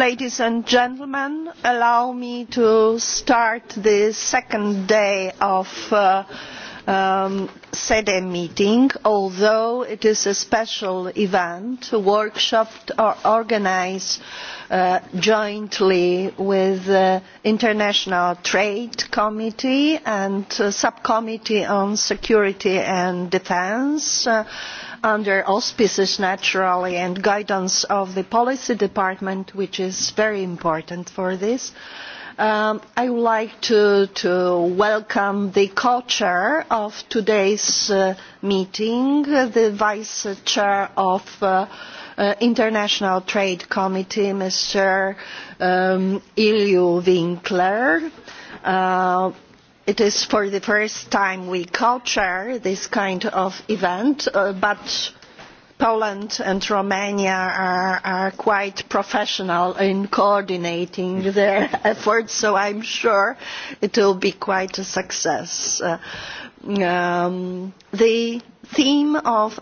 ladies and gentlemen allow me to start the second day of sede meeting although it is a special event a workshop organised jointly with the international trade committee and the subcommittee on security and defence and under auspices naturally and guidance of the policy department which is very important for this i would like to welcome the co chair of today's meeting the vice chair of the international trade committee mr ivo winkler it is for the first time we co chair this kind of event but poland and romania are quite professional in coordinating their efforts so i am sure it will be quite a success. the theme of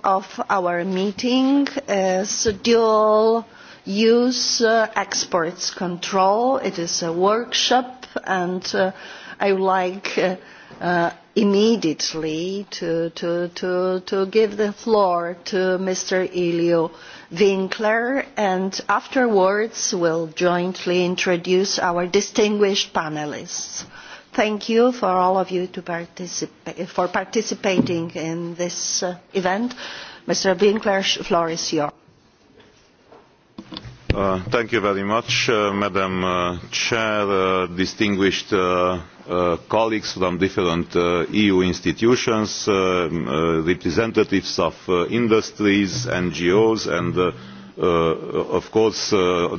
our meeting is dual use exports control. it is a workshop and I would like uh, immediately to, to, to, to give the floor to Mr. Elio Winkler, and afterwards we'll jointly introduce our distinguished panelists. Thank you for all of you to for participating in this uh, event. Mr. Winkler, the floor is yours. Uh, thank you very much, uh, Madam uh, Chair, uh, distinguished uh, colleagues from different eu institutions representatives of industries ngos and of course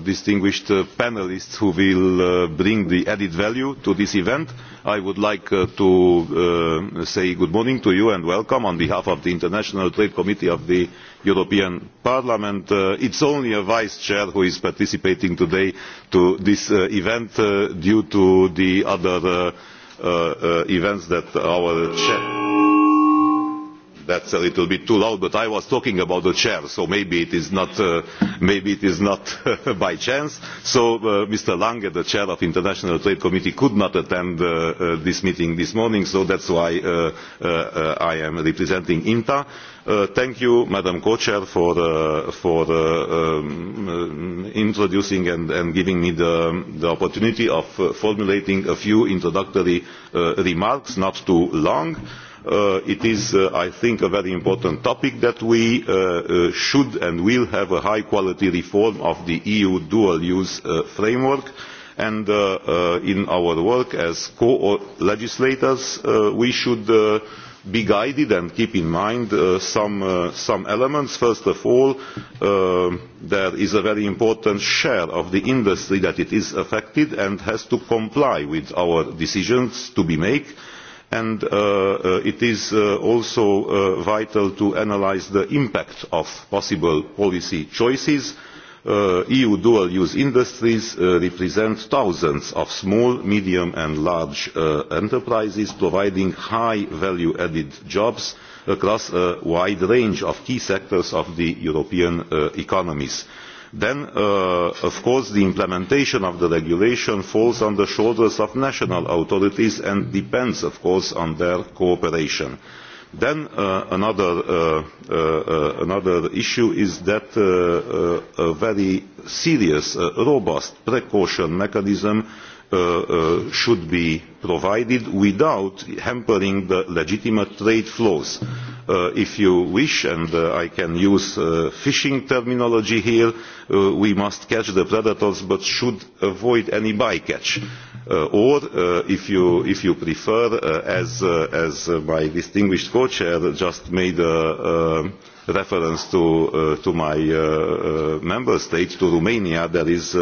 distinguished panellists who will bring the added value to this event. i would like to say good morning to you and welcome on behalf of the international trade committee of the european parliament. it is only a vice chair who is participating today in this event due to the other events that our chair that is a little bit too loud but i was talking about the chair so maybe it is not by chance so mr lange the chair of the international trade committee could not attend this meeting this morning so that is why i am representing inta. thank you madam co chair for introducing and giving me the opportunity of formulating a few introductory remarks not too long it is, I think, a very important topic that we should and will have a high-quality reform of the EU dual-use framework. And in our work as co-legislators, we should be guided and keep in mind some elements. first of all there is a very important share of the industry that is affected and has to comply with our decisions to be made and it is also vital to analyse the impact of possible policy choices. eu dual use industries represent thousands of small medium and large enterprises providing high value added jobs across a wide range of key sectors of the european economies then of course the implementation of the regulation falls on the shoulders of national authorities and depends of course on their cooperation. Then another, issue is that a very serious, robust precaution mechanism should be provided without hampering the legitimate trade flows. if you wish, and I can use fishing terminology here, we must catch the predators but should avoid any bycatch. or, if, you, prefer, as, my distinguished co-chair just made a reference to, my member state, to Romania, there is,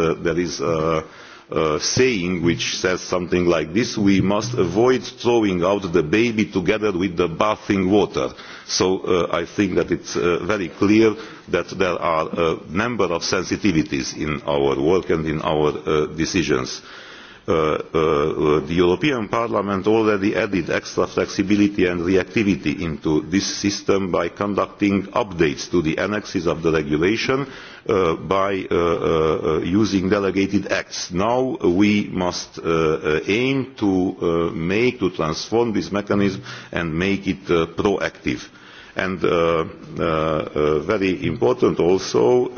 saying which says something like this, we must avoid throwing out the baby together with the bathing water. So uh, I think that it's uh, very clear that there are a number of sensitivities in our work and in our uh, decisions the European Parliament already added extra flexibility and reactivity into this system by conducting updates to the annexes of the regulation by using delegated acts. Now we must aim to make, to transform this mechanism and make it proactive and very important also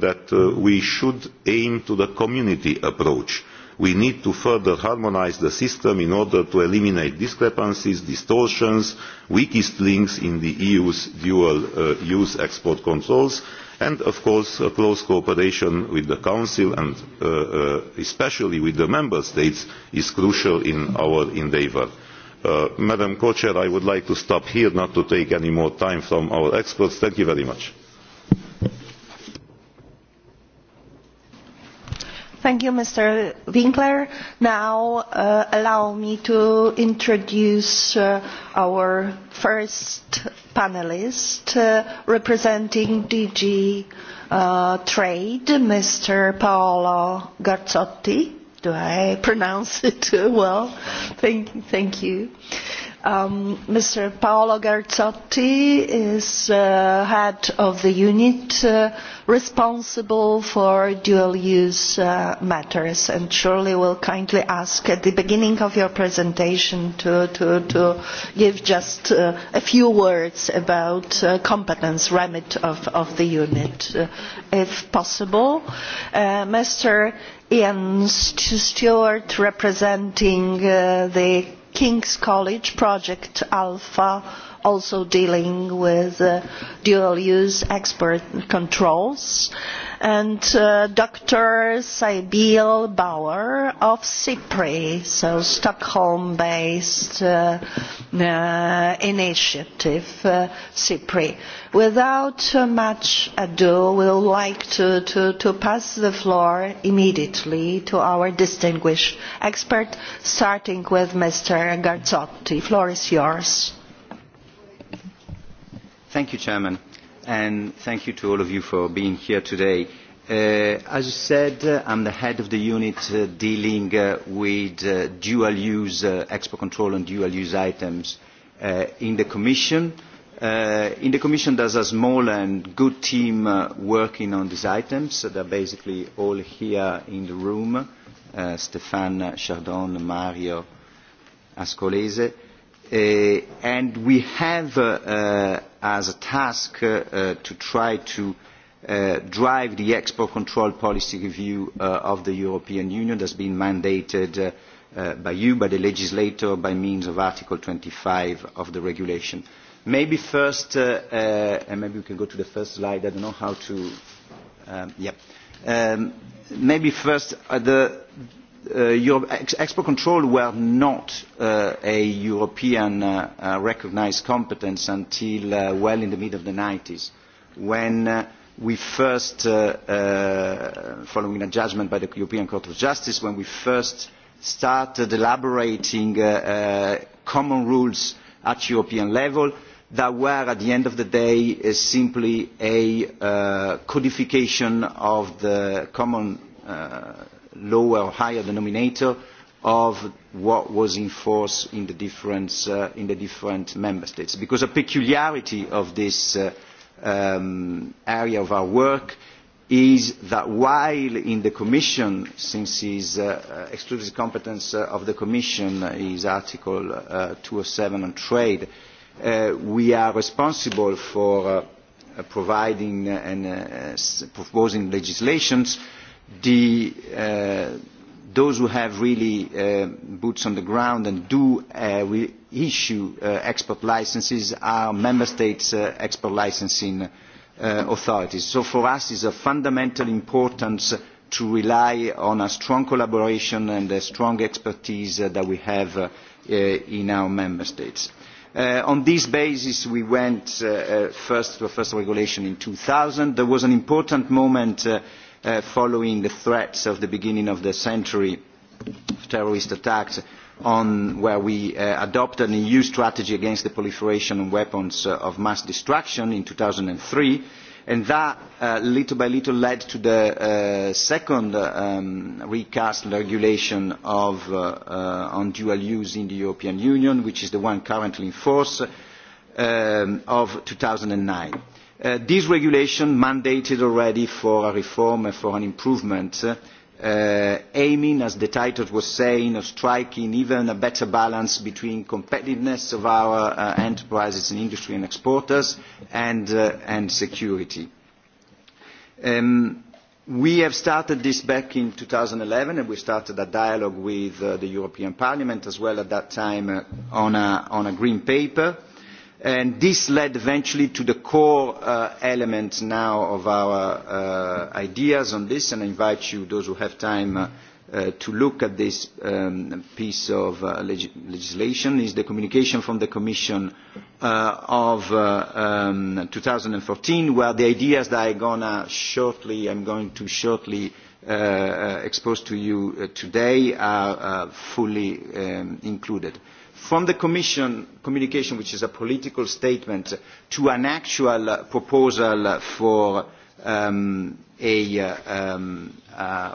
that we should aim to the community approach we need to further harmonise the system in order to eliminate discrepancies distortions and weakest links in the eu's dual use export controls and of course close cooperation with the council and especially with the member states is crucial in our endeavour. madam co chair i would like to stop here not to take any more time from our experts. thank you very much. Thank you, Mr. Winkler. Now, uh, allow me to introduce uh, our first panelist uh, representing DG uh, Trade, Mr. Paolo Garzotti. Do I pronounce it well? Thank, thank you. Uh, Mr. Paolo Garzotti is head of the unit responsible for dual-use matters and surely will kindly ask at the beginning of your presentation to, give just a few words about the competence remit of, the unit, if possible. Mr. Ian Stewart representing the King's College Project Alpha, also dealing with dual use export controls and Dr. Sybil Bauer of CIPRI, so Stockholm-based initiative, CIPRI. Without much ado, we would like to pass the floor immediately to our distinguished expert, starting with Mr. Garzotti. The floor is yours. Thank you, Chairman and thank you to all of you for being here today. as you said, uh, I'm the head of the unit dealing with dual-use export control and dual-use items in the Commission. in the Commission, there's a small and good team working on these items. They're basically all here in the room, Stefan, Chardon, Mario Ascolese. and we have as a task to try to drive the export control policy review of the European Union that has been mandated by you, by the legislator, by means of Article twenty five of the regulation. Maybe first, and maybe we can go to the first slide, I don't know how to, um, yeah. maybe first, the, export control were not a European recognised competence until well in the mid of the ninety s when we first, following a judgment by the European Court of Justice, when we first started elaborating common rules at European level that were at the end of the day simply a codification of the common lower or higher denominator of what was in force in the different, uh, in the different member states. Because a peculiarity of this uh, um, area of our work is that while in the Commission, since his uh, exclusive competence of the Commission is Article uh, 207 on trade, uh, we are responsible for uh, providing and uh, proposing legislations uh, the, uh, those who have really uh, boots on the ground and do uh, issue uh, export licenses are member states' uh, export licensing uh, authorities. So for us it is of fundamental importance to rely on a strong collaboration and the strong expertise that we have in our member states. on this basis, we went first to the first regulation in two thousand. There was an important moment following the threats of the beginning of the century of terrorist attacks on where we adopted an EU strategy against the proliferation of weapons of mass destruction in two thousand three, and that little by little led to the second recast regulation on dual use in the European Union, which is the one currently in force, of two thousand nine this regulation mandated already for a reform and for an improvement aiming, as the title was saying, of striking even a better balance between competitiveness of our enterprises and industry and exporters and, security. we have started this back in eleven and we started a dialogue with the European Parliament as well at that time on, a, green paper and this led eventually to the core uh, element now of our uh, ideas on this, and I invite you, those who have time, uh, uh, to look at this um, piece of uh, leg legislation, is the communication from the Commission uh, of uh, um, 2014, where the ideas that I gonna shortly, I'm going to shortly uh, expose to you uh, today are uh, fully um, included from the Commission communication, which is a political statement, to an actual proposal for a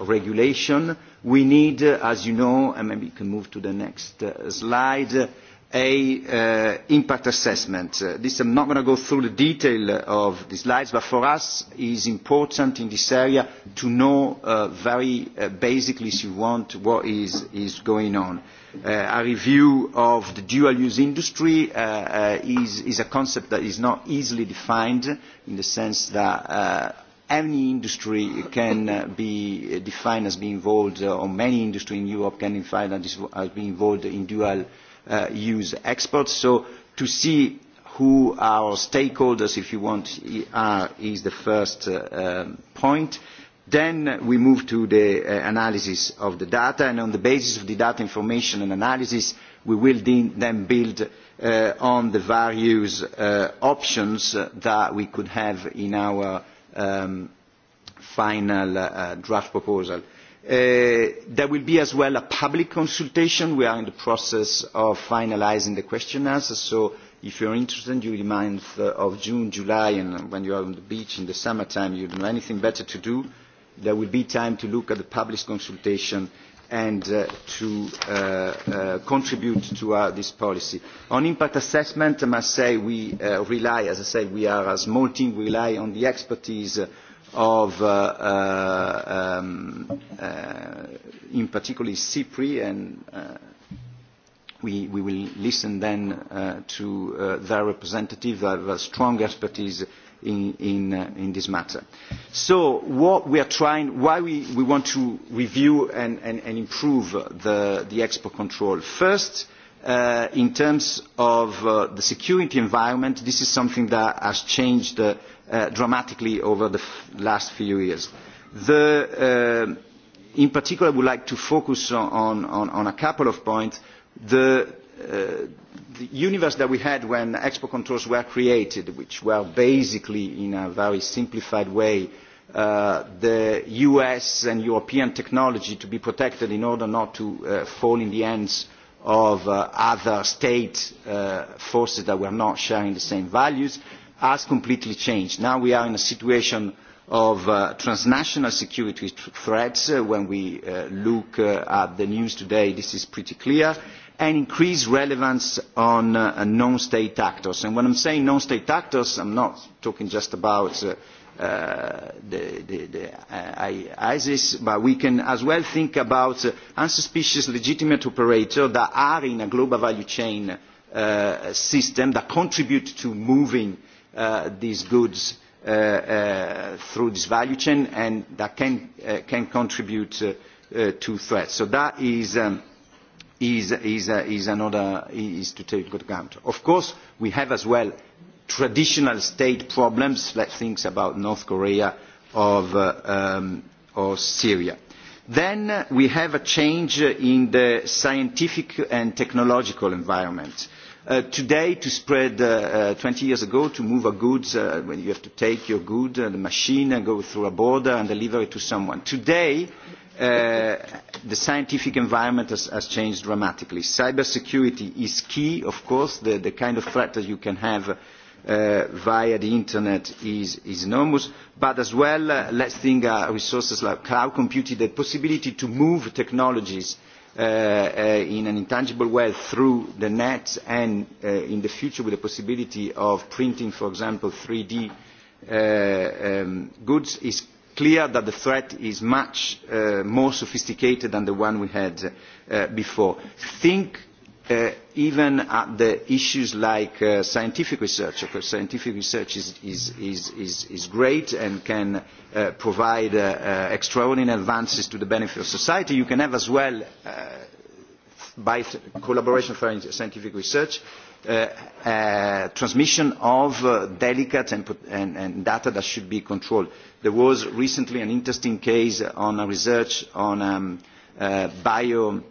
regulation, we need, as you know, and maybe you can move to the next slide, an impact assessment. I am not going to go through the detail of the slides, but for us it is important in this area to know very basically, if you want, what is, going on. a review of the dual-use industry is, a concept that is not easily defined in the sense that any industry can be defined as being involved, or many industries in Europe can be defined as being involved in dual use experts. So to see who our stakeholders, if you want, are, is the first point. Then we move to the analysis of the data, and on the basis of the data information and analysis, we will then build on the various options that we could have in our final draft proposal there will be as well a public consultation. We are in the process of finalising the questionnaires, so if you are interested during the month of June, July, and when you are on the beach in the summer time you don't have anything better to do, there will be time to look at the public consultation and to contribute to this policy. On impact assessment, I must say we rely, as I said, we are a small team, we rely on the expertise of, uh, uh, um, uh, in particular, CIPRI, and uh, we, we will listen then uh, to uh, their representative, have a strong expertise in, in, uh, in this matter. So what we are trying, why we, we want to review and, and, and improve the, the export control. First, uh, in terms of uh, the security environment, this is something that has changed uh, dramatically over the last few years. in particular, I would like to focus on, a couple of points. The, universe that we had when export controls were created, which were basically in a very simplified way, the US and European technology to be protected in order not to fall in the hands of other state forces that were not sharing the same values. Uh, has completely changed. Now we are in a situation of transnational security threats. when we look at the news today, this is pretty clear, and increased relevance on non-state actors. And when I'm saying non-state actors, I'm not talking just about ISIS, but we can as well think about unsuspicious legitimate operators that are in a global value chain system that contribute to moving uh, uh, these goods uh, uh, through this value chain and that can, uh, can contribute uh, uh, to threats. So that is, um, is, is, uh, is another is to take into account. Of course, we have as well traditional state problems, let's think about North Korea of, uh, um, or Syria. Then we have a change in the scientific and technological environment. Uh, today to spread uh, twenty years ago to move a goods uh, when you have to take your good and the machine and go through a border and deliver it to someone. Today, uh, the scientific environment has, has changed dramatically. Cybersecurity is key, of course. The, the kind of threat that you can have uh, via the internet is, is enormous, but as well, uh, let's think uh, resources like cloud computing, the possibility to move technologies uh, in an intangible way through the net and in the future with the possibility of printing, for example, 3D goods, is clear that the threat is much more sophisticated than the one we had before. Think even at the issues like uh, scientific research, because scientific research is, is, is, is, is great and can uh, provide uh, uh, extraordinary advances to the benefit of society, you can have as well, uh, by collaboration for scientific research, uh, uh, transmission of uh, delicate and, and, and data that should be controlled. There was recently an interesting case on a research on um, uh, bio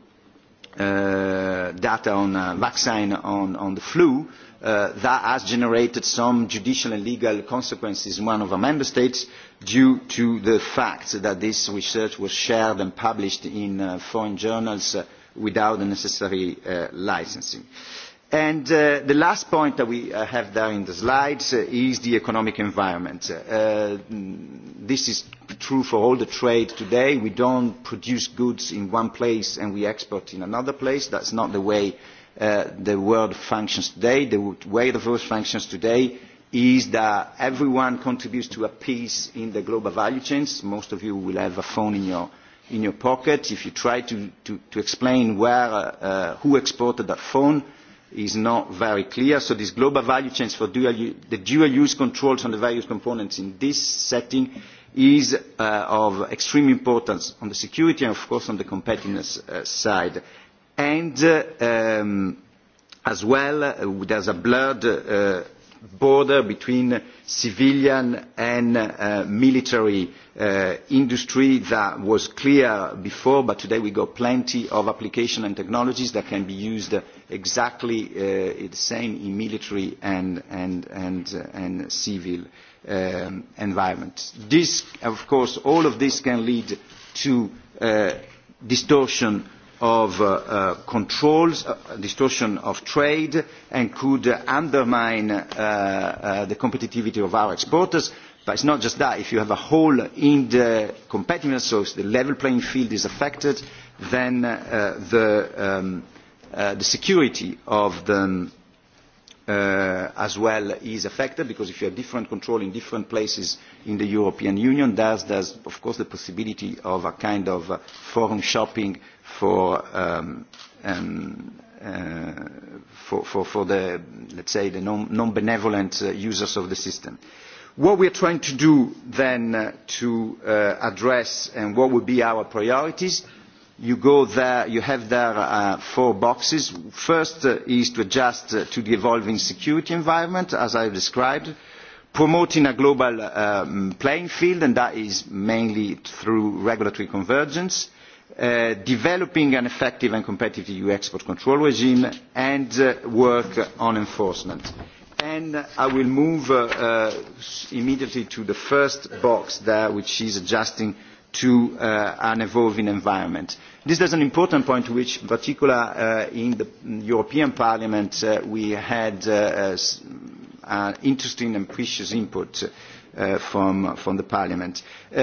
uh, data on a vaccine on, on the flu, uh, that has generated some judicial and legal consequences in one of our member states due to the fact that this research was shared and published in uh, foreign journals uh, without the necessary uh, licensing. And uh, the last point that we uh, have there in the slides uh, is the economic environment. Uh, this is true for all the trade today. We don't produce goods in one place and we export in another place. That's not the way uh, the world functions today. The way the world functions today is that everyone contributes to a piece in the global value chains. Most of you will have a phone in your, in your pocket. If you try to, to, to explain where, uh, who exported that phone, is not very clear. So these global value chains for dual, the dual use controls on the various components in this setting is uh, of extreme importance on the security and, of course, on the competitiveness uh, side. And uh, um, as well, uh, there's a blurred uh, border between civilian and uh, military uh, industry that was clear before, but today we got plenty of applications and technologies that can be used exactly uh, the same in military and, and, and, uh, and civil uh, environment. This, of course, all of this can lead to distortion of controls, distortion of trade, and could undermine the competitiveness of our exporters. But it's not just that. If you have a hole in the competitiveness, so the level playing field is affected, then the security of the as well is affected because if you have different control in different places in the European Union, there's, there's of course the possibility of a kind of forum shopping for, um, um, uh, for, for, for the, let's say, the non-benevolent uh, users of the system. What we are trying to do then to uh, address and what would be our priorities you go there, you have there uh, four boxes. First uh, is to adjust uh, to the evolving security environment, as I have described, promoting a global um, playing field, and that is mainly through regulatory convergence, uh, developing an effective and competitive EU export control regime, and uh, work on enforcement. And I will move uh, uh, immediately to the first box there, which is adjusting uh, to uh, an evolving environment. This is an important point which, in particular, uh, in the European Parliament, uh, we had uh, an interesting and precious input uh, from, from the Parliament. Uh,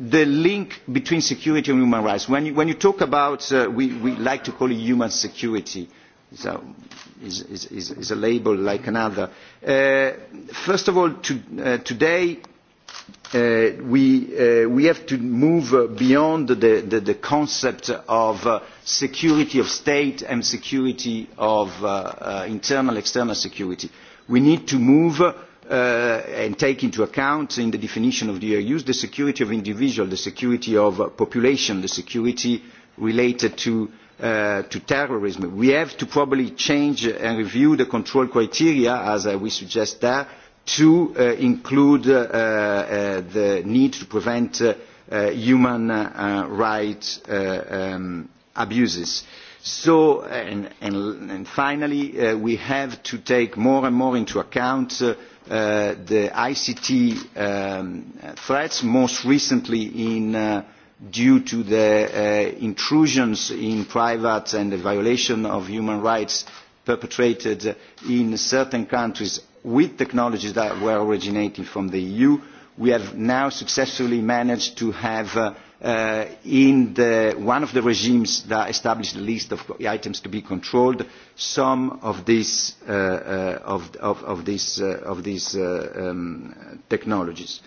the link between security and human rights. When you, when you talk about, uh, we, we like to call it human security, so is, is, is, is a label like another. Uh, first of all, to, uh, today we have to move beyond the concept of security of state and security of internal and external security. we need to move and take into account in the definition of the eu the security of individuals the security of populations the security related to terrorism. we have to probably change and review the control criteria as we suggest there to include the need to prevent human rights abuses. So, and, finally, we have to take more and more into account the ICT threats, most recently in, due to the intrusions in private and the violation of human rights perpetrated in certain countries with technologies that were originating from the EU, we have now successfully managed to have in one of the regimes that established the list of items to be controlled some of these technologies.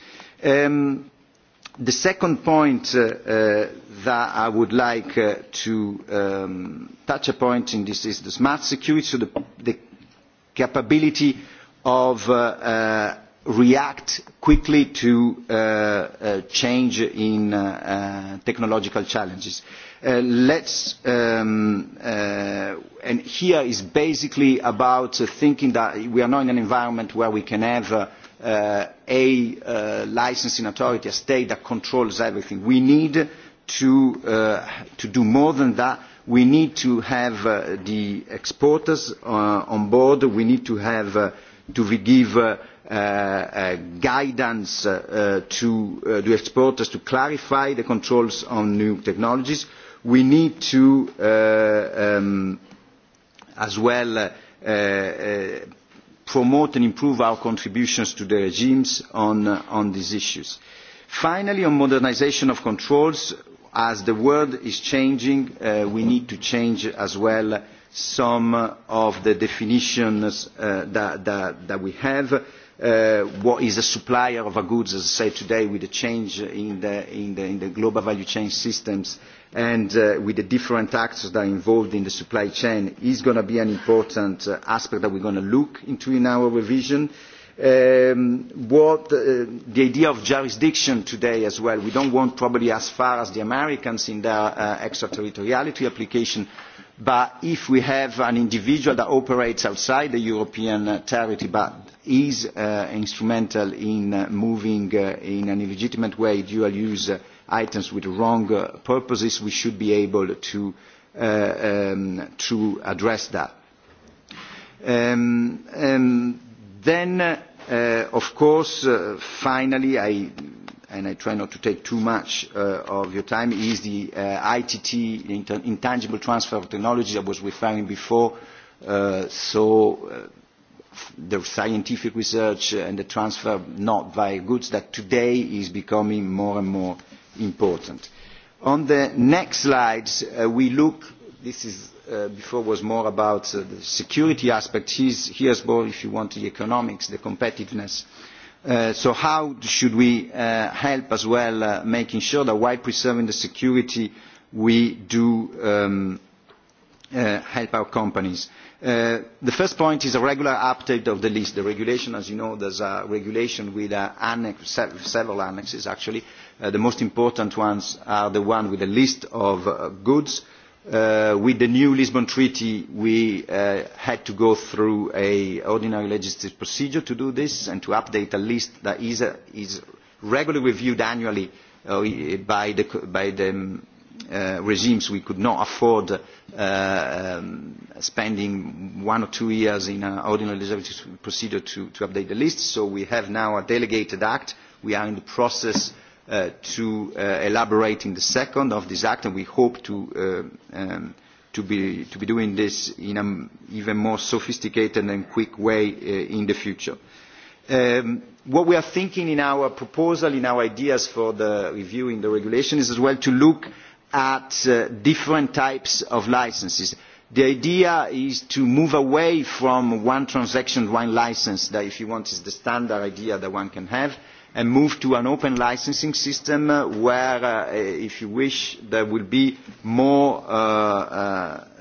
the second point that I would like to touch upon in this is the smart security, so the capability of react quickly to change in technological challenges. let's, and here is basically about thinking that we are not in an environment where we can have a licensing authority, a state that controls everything. We need to do more than that. We need to have the exporters on board. We need to have to give guidance to the exporters to clarify the controls on new technologies. We need to as well promote and improve our contributions to the regimes on these issues. Finally, on modernisation of controls, as the world is changing, we need to change as well some of the definitions that we have. What is a supplier of a goods, as I said today, with the change in the in in the the global value chain systems and with the different actors that are involved in the supply chain is going to be an important aspect that we are going to look into in our revision. the idea of jurisdiction today as well, we do not want probably as far as the Americans in their extraterritoriality application, but if we have an individual that operates outside the European territory but is uh, instrumental in moving uh, in an illegitimate way dual use items with wrong purposes, we should be able to, uh, um, to address that. Um, then, uh, of course, uh, finally, I and I try not to take too much uh, of your time, is the uh, ITT, intangible transfer of technology I was referring before. Uh, so uh, the scientific research and the transfer not via goods that today is becoming more and more important. On the next slides, uh, we look, this is, uh, before was more about uh, the security aspect. Here's, here's more, if you want, the economics, the competitiveness uh, so how should we help as well making sure that while preserving the security we do help our companies? the first point is a regular update of the list. the regulation, as you know, there is a regulation with several annexes actually. the most important ones are the ones with a list of goods with the new Lisbon Treaty, we had to go through an ordinary legislative procedure to do this and to update a list that is, regularly reviewed annually by the, regimes. We could not afford spending one or two years in an ordinary legislative procedure to, update the list, so we have now a delegated act. We are in the process to elaborating the second of this act, and we hope to, be, doing this in an even more sophisticated and quick way in the future. what we are thinking in our proposal, in our ideas for the review in the regulation is as well to look at different types of licenses. The idea is to move away from one transaction, one license, that if you want is the standard idea that one can have, and move to an open licensing system where, if you wish, there will be more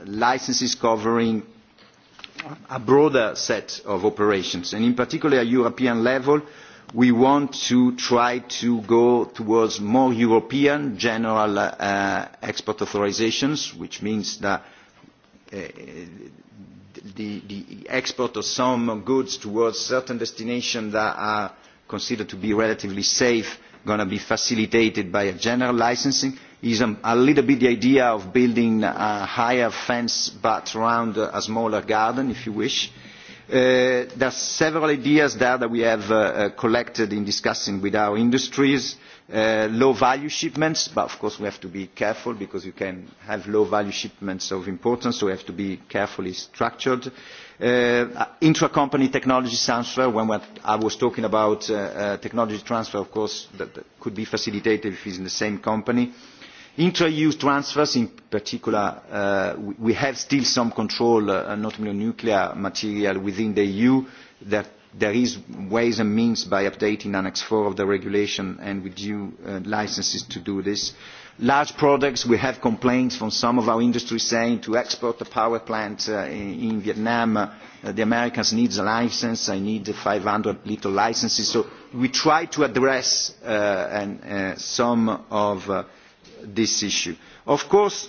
licenses covering a broader set of operations. And in particular, at European level, we want to try to go towards more European general export authorisations, which means that the export of some goods towards certain destinations that are considered to be relatively safe going to be facilitated by a general licensing is a little bit the idea of building a higher fence but around a smaller garden if you wish. There are several ideas there that we have collected in discussing with our industries. Low value shipments, but of course we have to be careful because you can have low value shipments of importance, so we have to be carefully structured intra company technology transfer when i was talking about technology transfer of course that could be facilitated if it is in the same company intra eu transfers in particular we have still some control notably on nuclear material within the eu that there is ways and means by updating annex iv of the regulation and with due licences to do this large products. We have complaints from some of our industries saying to export a power plant in, Vietnam, the Americans need a license, I need five hundred little licenses. So we try to address some of this issue. Of course,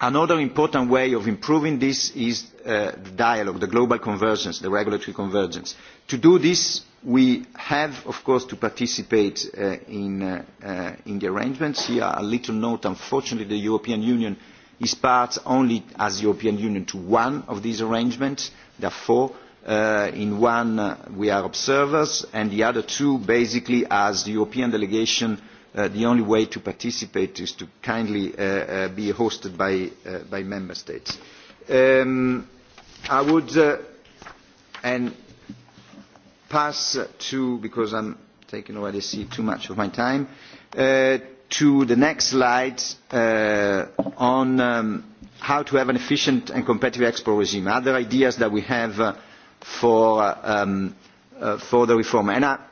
another important way of improving this is the dialogue, the global convergence, the regulatory convergence. To do this, We have, of course, to participate in, the arrangements. Here, a little note, unfortunately, the European Union is part only as the European Union to one of these arrangements. Therefore, in one we are observers, and the other two, basically, as the European delegation, the only way to participate is to kindly be hosted by, member states. I would, and pass to, because I'm taking already see too much of my time, uh, to the next slide uh, on um, how to have an efficient and competitive export regime, other ideas that we have uh, for, um, uh, for the reform. And a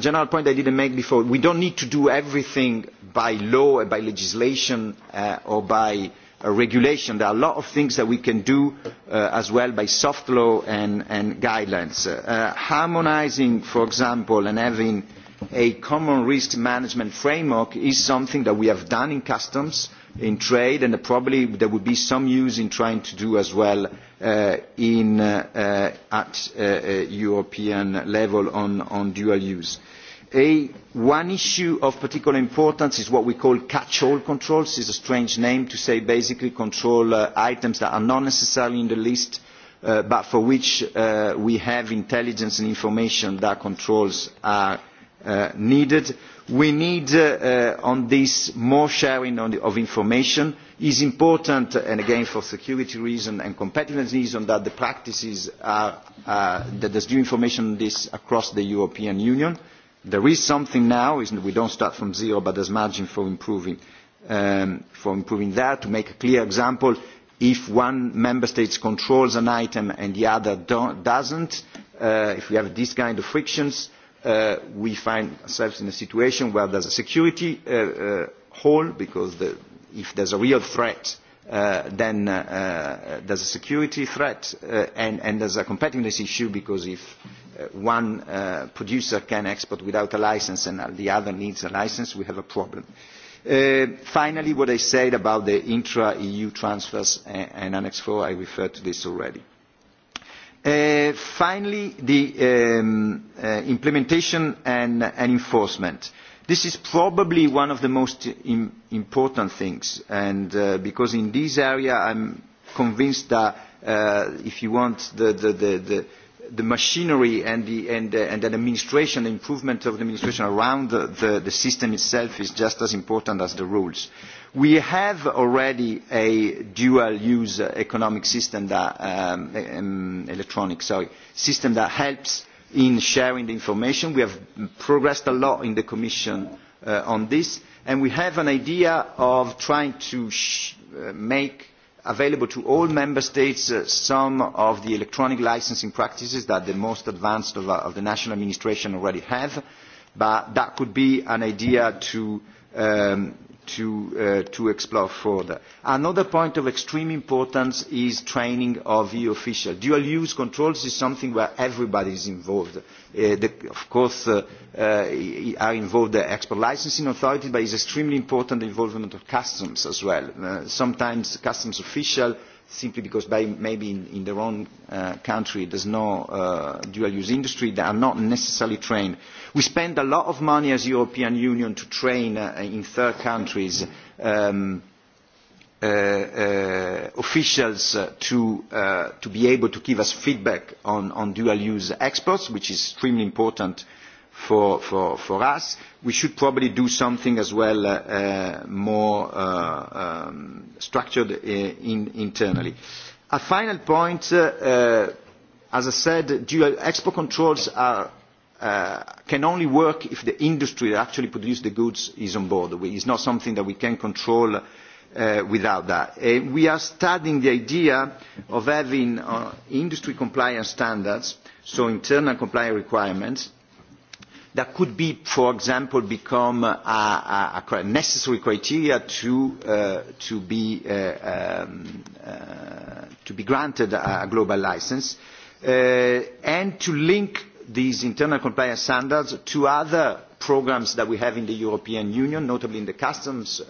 general point I didn't make before, we don't need to do everything by law, by legislation, uh, or by regulation. There are a lot of things that we can do as well by soft law and, guidelines. Harmonising, for example, and having a common risk management framework is something that we have done in customs, in trade, and probably there would be some use in trying to do as well at European level on dual use one issue of particular importance is what we call catch all controls. it is a strange name to say basically control items that are not necessarily in the list but for which we have intelligence and information that controls are needed. we need on this more sharing of information. it is important and again for security reasons and competitiveness reasons that the practices are that there is due information on this across the european union There is something now, isn't we don't start from zero, but there's margin for improving, um, for improving that. To make a clear example, if one member state controls an item and the other don't, doesn't, uh, if we have these kind of frictions, uh, we find ourselves in a situation where there's a security uh, uh, hole because the, if there's a real threat, uh, then uh, uh, there's a security threat uh, and, and there's a competitiveness issue because if one uh, producer can export without a license and the other needs a license, we have a problem. finally, what I said about the intra-EU transfers and, and Annex 4, I referred to this already. finally, the implementation and, enforcement. This is probably one of the most important things, and because in this area I am convinced that if you want the, the, the, the the machinery and the, and, uh, and an administration, the improvement of the administration around the, the, the system itself is just as important as the rules. We have already a dual-use economic system that, um, electronic, sorry, system that helps in sharing the information. We have progressed a lot in the Commission uh, on this, and we have an idea of trying to sh make available to all member states some of the electronic licensing practices that the most advanced of, the national administration already have, but that could be an idea to to, uh, to explore further. Another point of extreme importance is training of EU officials. Dual-use controls is something where everybody is involved. Uh, the, of course, uh, uh, are involved the export licensing authority, but it's extremely important the involvement of customs as well. Uh, sometimes customs officials simply because by, maybe in, in their own uh, country there's no uh, dual-use industry they are not necessarily trained. We spend a lot of money as European Union to train uh, in third countries um, uh, uh, officials uh, to, uh, to be able to give us feedback on, on dual-use exports, which is extremely important uh, for, for, for us. We should probably do something as well uh, more uh, um, structured uh, in, internally. A final point, uh, uh, as I said, dual export controls are, uh, can only work if the industry that actually produces the goods is on board. It's not something that we can control uh, without that. Uh, we are studying the idea of having uh, industry compliance standards, so internal compliance requirements, that could be, for example, become a, necessary criteria to, be, to be granted a, global licence, and to link these internal compliance standards to other programmes that we have in the European Union, notably in the customs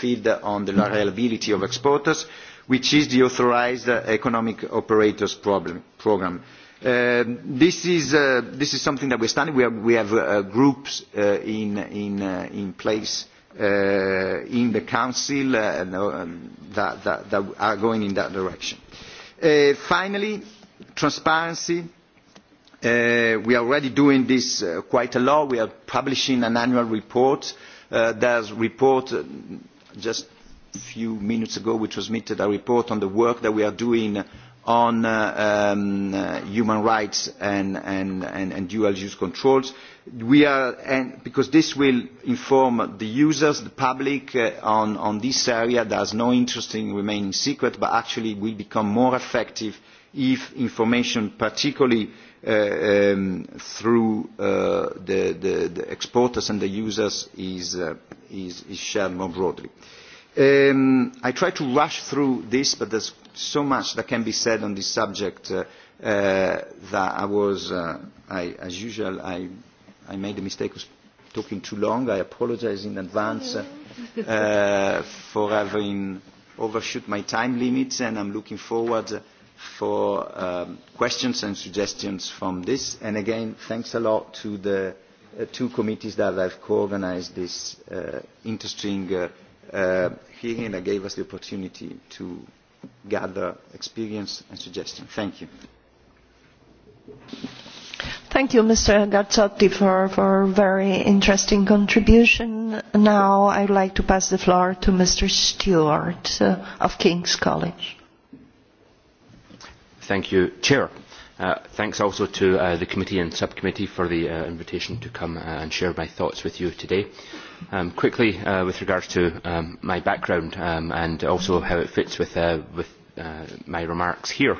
field on the reliability of exporters, which is the authorised economic operators programme this is something that we stand standing. We have groups in place in the council that are going in that direction. Finally, transparency. We are already doing this quite a lot. We are publishing an annual report. There's report just a few minutes ago, we transmitted a report on the work that we are doing on human rights and dual use controls because this will inform the users the public on this area. there is no interest in remaining secret but actually will become more effective if information particularly through the exporters and the users is shared more broadly I try to rush through this, but there's so much that can be said on this subject uh, uh, that I was, uh, I, as usual, I, I made the mistake of talking too long. I apologize in advance uh, for having overshoot my time limits, and I'm looking forward for um, questions and suggestions from this. And again, thanks a lot to the uh, two committees that have co-organized this uh, interesting uh, uh, Figueira gave us the opportunity to gather experience and suggestions. Thank you. Thank you, Mr. Garzotti, for, for a very interesting contribution. Now I'd like to pass the floor to Mr. Stewart uh, of King's College. Thank you, Chair. Uh, thanks also to uh, the committee and subcommittee for the uh, invitation to come uh, and share my thoughts with you today. Uh, um, quickly uh, with regards to um, my background um, and also how it fits with, uh, with uh, my remarks here.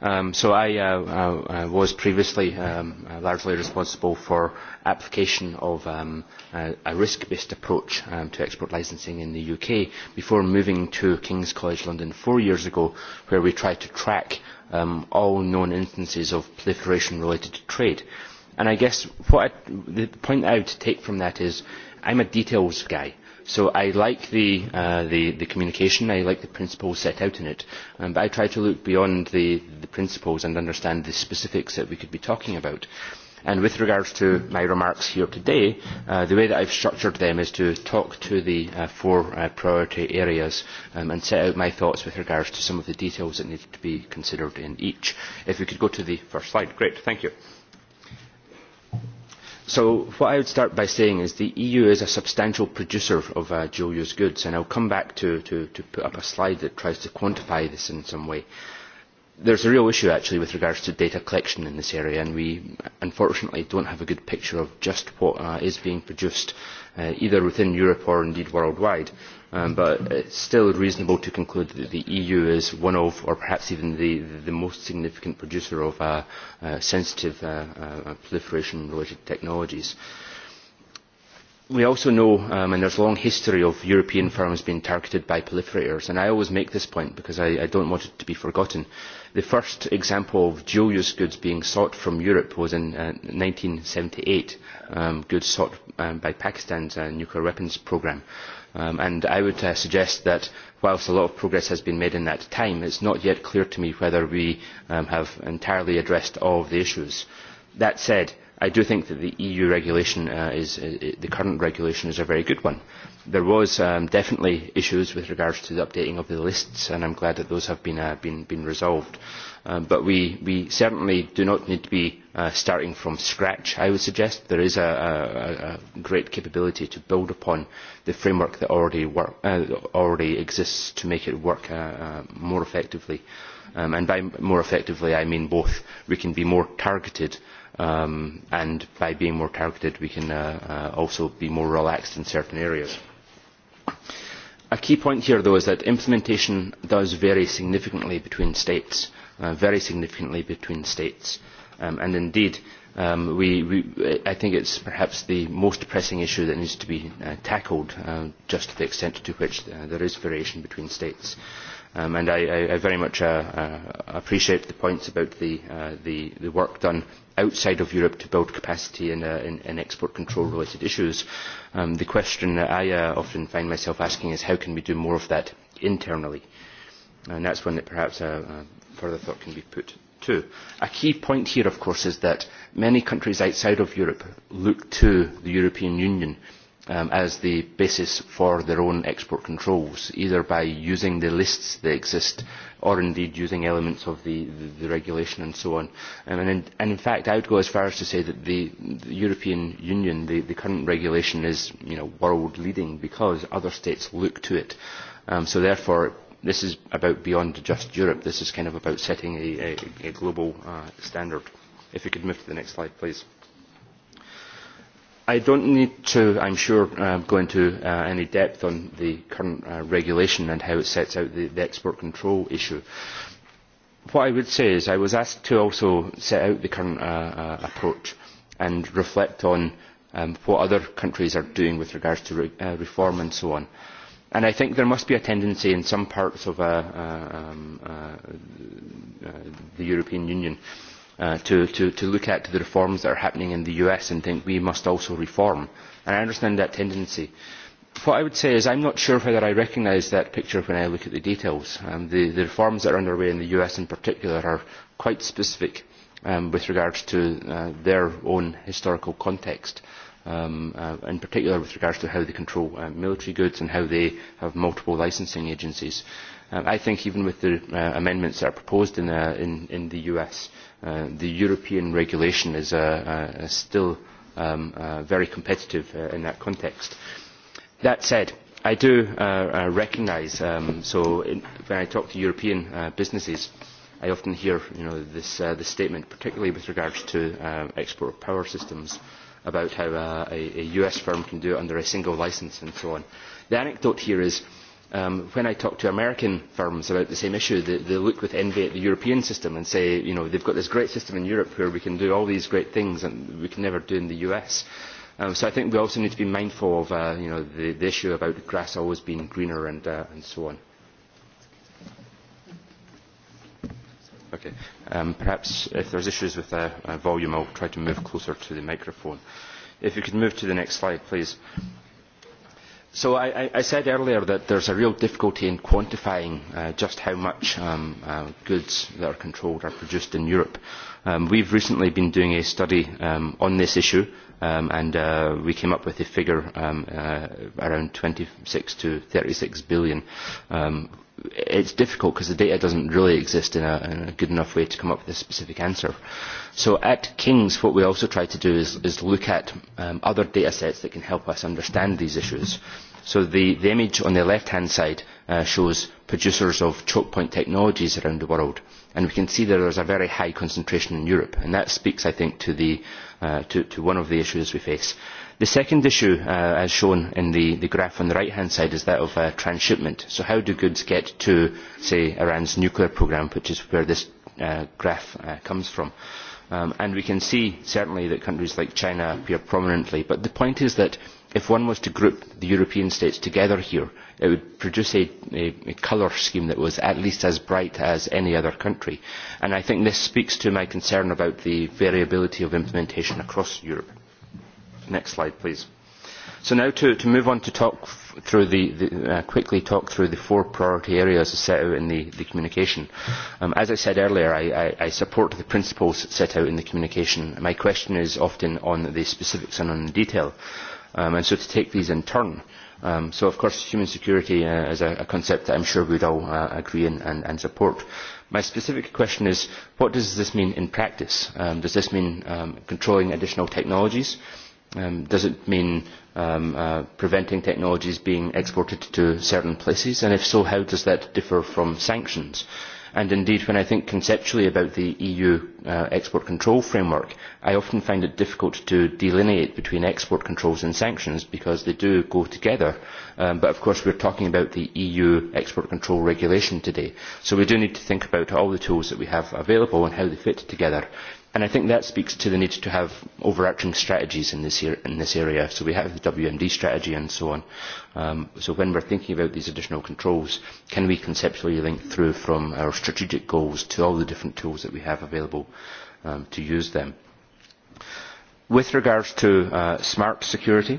Um, so I uh, uh, was previously um, largely responsible for application of um, a, a risk-based approach um, to export licensing in the UK before moving to King's College London four years ago where we tried to track um, all known instances of proliferation related to trade And I guess what I, the point that I would take from that is I'm a details guy. So I like the, uh, the, the communication, I like the principles set out in it, um, but I try to look beyond the, the principles and understand the specifics that we could be talking about. And with regards to my remarks here today, uh, the way that I've structured them is to talk to the uh, four uh, priority areas um, and set out my thoughts with regards to some of the details that need to be considered in each. If we could go to the first slide. Great, thank you. So what I would start by saying is that the EU is a substantial producer of dual-use goods, and I will come back to, put up a slide that tries to quantify this in some way. There is a real issue, actually, with regard to data collection in this area, and we unfortunately do not have a good picture of just what is being produced, either within Europe or indeed worldwide but it is still reasonable to conclude that the EU is one of, or perhaps even the, the most significant producer of sensitive proliferation-related technologies. We also know, um, and there's a long history of European firms being targeted by proliferators, and I always make this point because I, I don't want it to be forgotten. The first example of dual-use goods being sought from Europe was in uh, 1978, um, goods sought um, by Pakistan's uh, nuclear weapons programme and I would suggest that whilst a lot of progress has been made in that time, it is not yet clear to me whether we have entirely addressed all of the issues. That said, I do think that the EU regulation is the current regulation is a very good one. There was definitely issues with regard to the updating of the lists, and I am glad that those have been resolved but we, we certainly do not need to be starting from scratch, I would suggest. There is a, great capability to build upon the framework that already, work, already exists to make it work more effectively. and by more effectively, I mean both. We can be more targeted, and by being more targeted, we can also be more relaxed in certain areas. A key point here, though, is that implementation does vary significantly between states uh, very significantly between states. Um, and indeed, um, we, we, I think it's perhaps the most pressing issue that needs to be uh, tackled, uh, just to the extent to which uh, there is variation between states. Um, and I, I, I very much uh, uh, appreciate the points about the, uh, the, the work done outside of Europe to build capacity in, uh, in, in export control related issues. Um, the question that I uh, often find myself asking is how can we do more of that internally? And that's one that perhaps uh, further thought can be put to. A key point here, of course, is that many countries outside of Europe look to the European Union as the basis for their own export controls, either by using the lists that exist or indeed using elements of the, the, regulation and so on. and, in, fact, I would go as far as to say that the, European Union, the, the current regulation is world leading because other states look to it. so therefore, this is about beyond just Europe. This is kind of about setting a, a, a global uh, standard. If we could move to the next slide, please. I don't need to, I'm sure, uh, go into uh, any depth on the current uh, regulation and how it sets out the, the export control issue. What I would say is I was asked to also set out the current uh, uh, approach and reflect on um, what other countries are doing with regards to re uh, reform and so on. Uh, And I think there must be a tendency in some parts of uh, um, uh, the European Union uh, to, to, to look at the reforms that are happening in the US and think we must also reform. And I understand that tendency. What I would say is I'm not sure whether I recognise that picture when I look at the details. Um, the, the reforms that are underway in the US in particular are quite specific um, with regards to uh, their own historical context um, uh, in particular with regards to how they control uh, military goods and how they have multiple licensing agencies. Uh, I think even with the uh, amendments that are proposed in, uh, in, in the US, uh, the European regulation is uh, uh, still um, uh, very competitive uh, in that context. That said, I do uh, uh, recognise, um, so in, when I talk to European uh, businesses, I often hear you know, this, uh, this statement, particularly with regards to uh, export of power systems, uh, about how a, a US firm can do it under a single license and so on. The anecdote here is um, when I talk to American firms about the same issue, they, they look with envy at the European system and say, you know, they've got this great system in Europe where we can do all these great things and we can never do in the US. Um, so I think we also need to be mindful of, uh, you know, the, the issue about grass always being greener and, uh, and so on. Okay. Um, perhaps if there's issues with the uh, volume, I'll try to move closer to the microphone. If you could move to the next slide, please. So I, I said earlier that there's a real difficulty in quantifying uh, just how much um, uh, goods that are controlled are produced in Europe. Um, we've recently been doing a study um, on this issue um, and uh, we came up with a figure um, uh, around 26 to 36 billion um, it's difficult because the data doesn't really exist in a, in a good enough way to come up with a specific answer. So at King's, what we also try to do is, is look at um, other data sets that can help us understand these issues. So the, the image on the left-hand side uh, shows producers of choke point technologies around the world, and we can see that there's a very high concentration in Europe, and that speaks, I think, to, the, uh, to, to one of the issues we face. The second issue, uh, as shown in the, the graph on the right-hand side, is that of uh, transshipment. So how do goods get to, say, Iran's nuclear programme, which is where this uh, graph uh, comes from? Um, and we can see, certainly, that countries like China appear prominently. But the point is that if one was to group the European states together here, it would produce a, a, a colour scheme that was at least as bright as any other country. And I think this speaks to my concern about the variability of implementation across Europe. Next slide, please. So now to, to move on to talk through the, the uh, quickly talk through the four priority areas set out in the, the communication. Um, as I said earlier, I, I, I support the principles set out in the communication. My question is often on the specifics and on the detail, um, and so to take these in turn. Um, so of course human security uh, is a, a concept that I'm sure we'd all uh, agree in and, and support. My specific question is, what does this mean in practice? Um, does this mean um, controlling additional technologies? Uh, um, it mean um, uh, preventing technologies being exported to certain places, and if so, how does that differ from sanctions? And indeed, when I think conceptually about the EU uh, export control framework, I often find it difficult to delineate between export controls and sanctions because they do go together. Um, but of course, we're talking about the EU export control regulation today. So we do need to think about all the tools that we have available and how they fit together. And I think that speaks to the need to have overarching strategies in this, in this area. So we have the WMD strategy and so on. Um, so when we're thinking about these additional controls, can we conceptually link through from our strategic goals to all the different tools that we have available um, to use them? With regards to uh, smart security,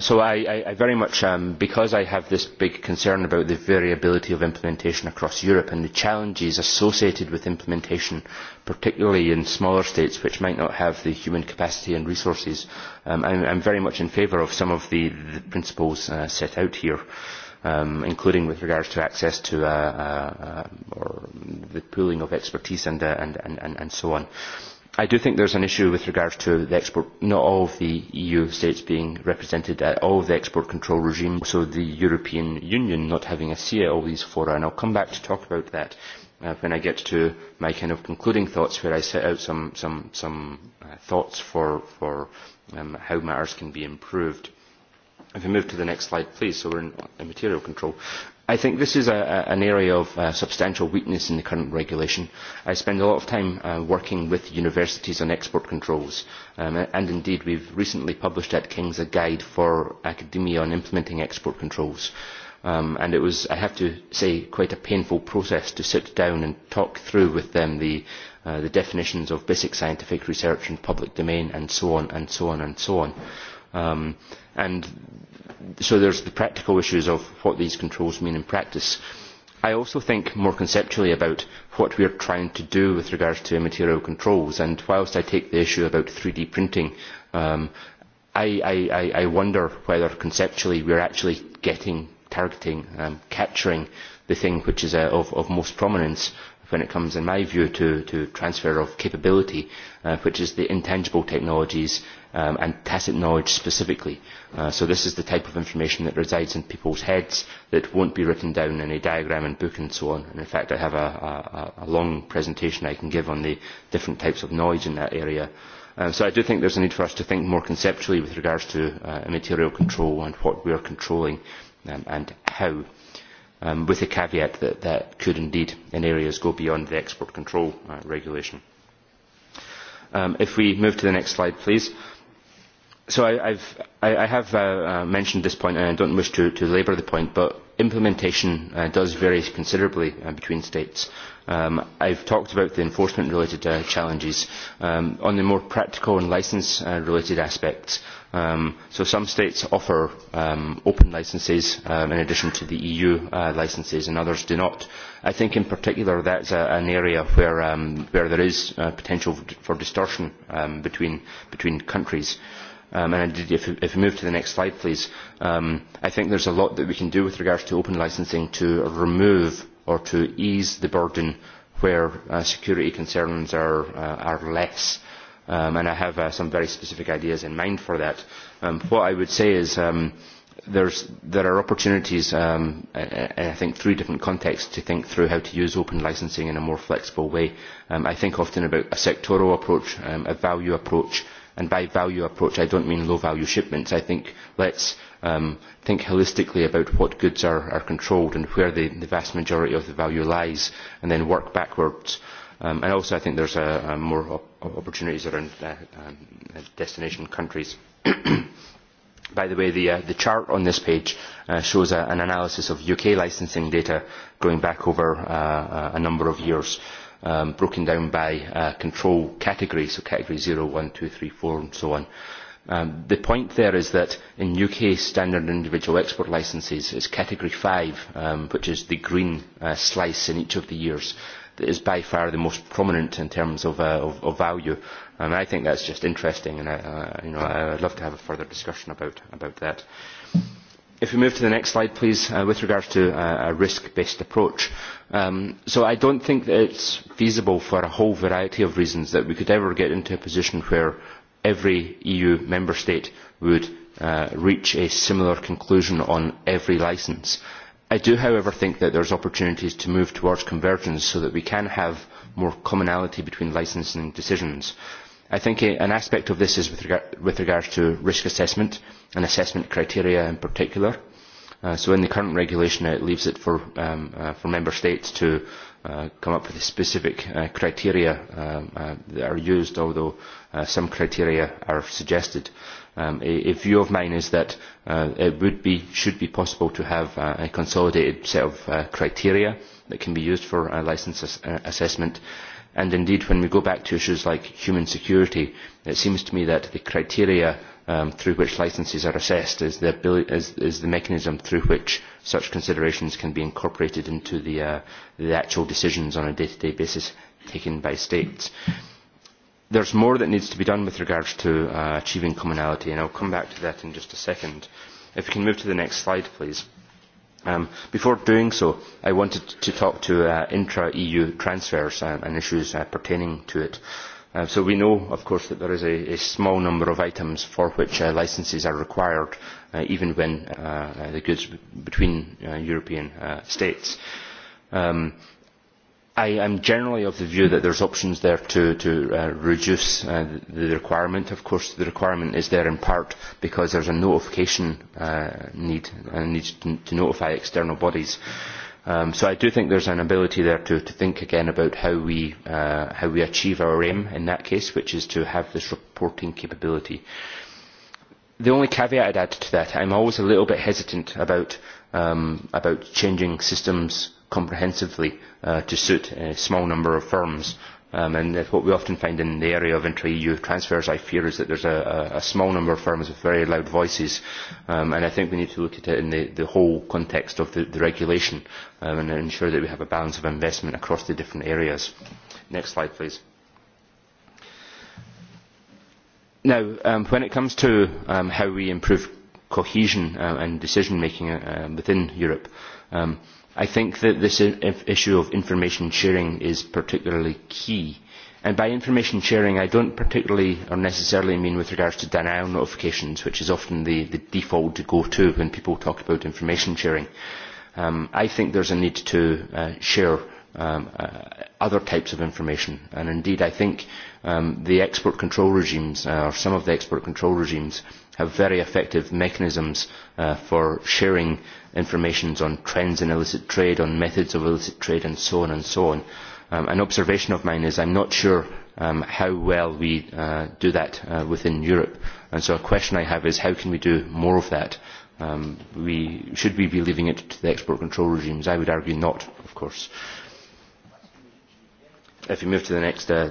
so I, very much, because I have this big concern about the variability of implementation across Europe and the challenges associated with implementation, particularly in smaller states which might not have the human capacity and resources, I am very much in favour of some of the, principles set out here. including with regard to access to or the pooling of expertise and so on I do think there is an issue with regards to the export, not all of the EU states being represented at all of the export control regime, so the European Union not having a say at all these fora, and I'll come back to talk about that uh, when I get to my kind of concluding thoughts where I set out some, some, some uh, thoughts for, for um, how matters can be improved. If we move to the next slide, please, so we're are in material control. I think this is a, an area of uh, substantial weakness in the current regulation. I spend a lot of time uh, working with universities on export controls, um, and indeed we've recently published at King's a guide for academia on implementing export controls. Um, and it was, I have to say, quite a painful process to sit down and talk through with them the, uh, the definitions of basic scientific research and public domain and so on and so on and so on. Um, and so there are the practical issues of what these controls mean in practice. I also think more conceptually about what we are trying to do with regards to material controls. And whilst I take the issue about three d printing, um, I, I, I wonder whether conceptually we are actually getting, targeting, um, capturing the thing which is uh, of, of most prominence when it comes, in my view, to, to transfer of capability, uh, which is the intangible technologies um, and tacit knowledge specifically. Uh, so this is the type of information that resides in people's heads that won't be written down in a diagram and book and so on. And in fact, I have a, a, a long presentation I can give on the different types of knowledge in that area. Um, so I do think there's a need for us to think more conceptually with regards to uh, immaterial control and what we are controlling um, and how, um, with the caveat that that could indeed, in areas, go beyond the export control uh, regulation. Um, if we move to the next slide, please so I, I, have mentioned this point, and I do not wish to, labour the point, but implementation does vary considerably between states. I have talked about the enforcement-related challenges. on the more practical and licence-related aspects, so some states offer open licences in addition to the EU licences, and others do not. I think in particular that is an area where, there is potential for distortion between countries Um, and indeed, if, if we move to the next slide, please, um, I think there's a lot that we can do with regards to open licensing to remove or to ease the burden where uh, security concerns are, uh, are less. Um, and I have uh, some very specific ideas in mind for that. Um, what I would say is um, there's, there are opportunities, um, and I think three different contexts to think through how to use open licensing in a more flexible way. Um, I think often about a sectoral approach, um, a value approach, And by value approach, I do not mean low-value shipments. I think let um, think holistically about what goods are, are controlled and where the, the vast majority of the value lies, and then work backwards. Um, and also, I think there's a, a more op opportunities around uh, um, destination countries. By the way, the, uh, the chart on this page uh, shows a, an analysis of UK licensing data going back over uh, a number of years um, broken down by uh, control categories, so category 0, 1, 2, 3, 4 and so on. Um, the point there is that in UK standard individual export licences is category 5, um, which is the green uh, slice in each of the years that is by far the most prominent in terms of, uh, of, of value. And I think that's just interesting, and I, uh, you know, I'd love to have a further discussion about, about that. If we move to the next slide, please, uh, with regards to uh, a risk-based approach. Um, so I don't think that it is feasible for a whole variety of reasons that we could ever get into a position where every EU member state would uh, reach a similar conclusion on every licence. I do, however, think that there are opportunities to move towards convergence so that we can have more commonality between licensing decisions. I think an aspect of this is with, regard, to risk assessment and assessment criteria in particular. Uh, so in the current regulation, it leaves it for, um, uh, for member states to uh, come up with the specific uh, criteria um, uh, that are used, although uh, some criteria are suggested. Um, a, a view of mine is that uh, it would be, should be possible to have uh, a consolidated set of uh, criteria that can be used for uh, license assessment And indeed, when we go back to issues like human security, it seems to me that the criteria um, through which licences are assessed is the, ability, is, is the mechanism through which such considerations can be incorporated into the, uh, the actual decisions on a day-to-day basis taken by states. There's more that needs to be done with regards to uh, achieving commonality, and I'll come back to that in just a second. If we can move to the next slide, please before doing so, I wanted to talk to intra-EU transfers and issues pertaining to it. so we know, of course, that there is a, small number of items for which licences are required, even when the goods between European states. Um, I am generally of the view that there are options there to, reduce the requirement. Of course, the requirement is there in part because there is a notification need, a need to, notify external bodies. so I do think there is an ability there to, think again about how we, achieve our aim in that case, which is to have this reporting capability. The only caveat I would add to that, I am always a little bit hesitant about changing systems comprehensively uh, to suit a small number of firms. Um, and what we often find in the area of intra-EU transfers, I fear, is that there's a, a small number of firms with very loud voices. Um, and I think we need to look at it in the, the whole context of the, the regulation um, and ensure that we have a balance of investment across the different areas. Next slide, please. Now, um, when it comes to um, how we improve cohesion uh, and decision-making uh, within Europe, um, I think that this issue of information sharing is particularly key. And by information sharing, I don't particularly or necessarily mean with regards to denial notifications, which is often the, the default to go to when people talk about information sharing. Um, I think there's a need to uh, share um, uh, other types of information. And indeed, I think um, the export control regimes, uh, or some of the export control regimes, have very effective mechanisms uh, for sharing information on trends in illicit trade, on methods of illicit trade, and so on and so on. Um, an observation of mine is I'm not sure um, how well we uh, do that uh, within Europe. And so a question I have is how can we do more of that? Um, we, should we be leaving it to the export control regimes? I would argue not, of course. If you move to the next, uh,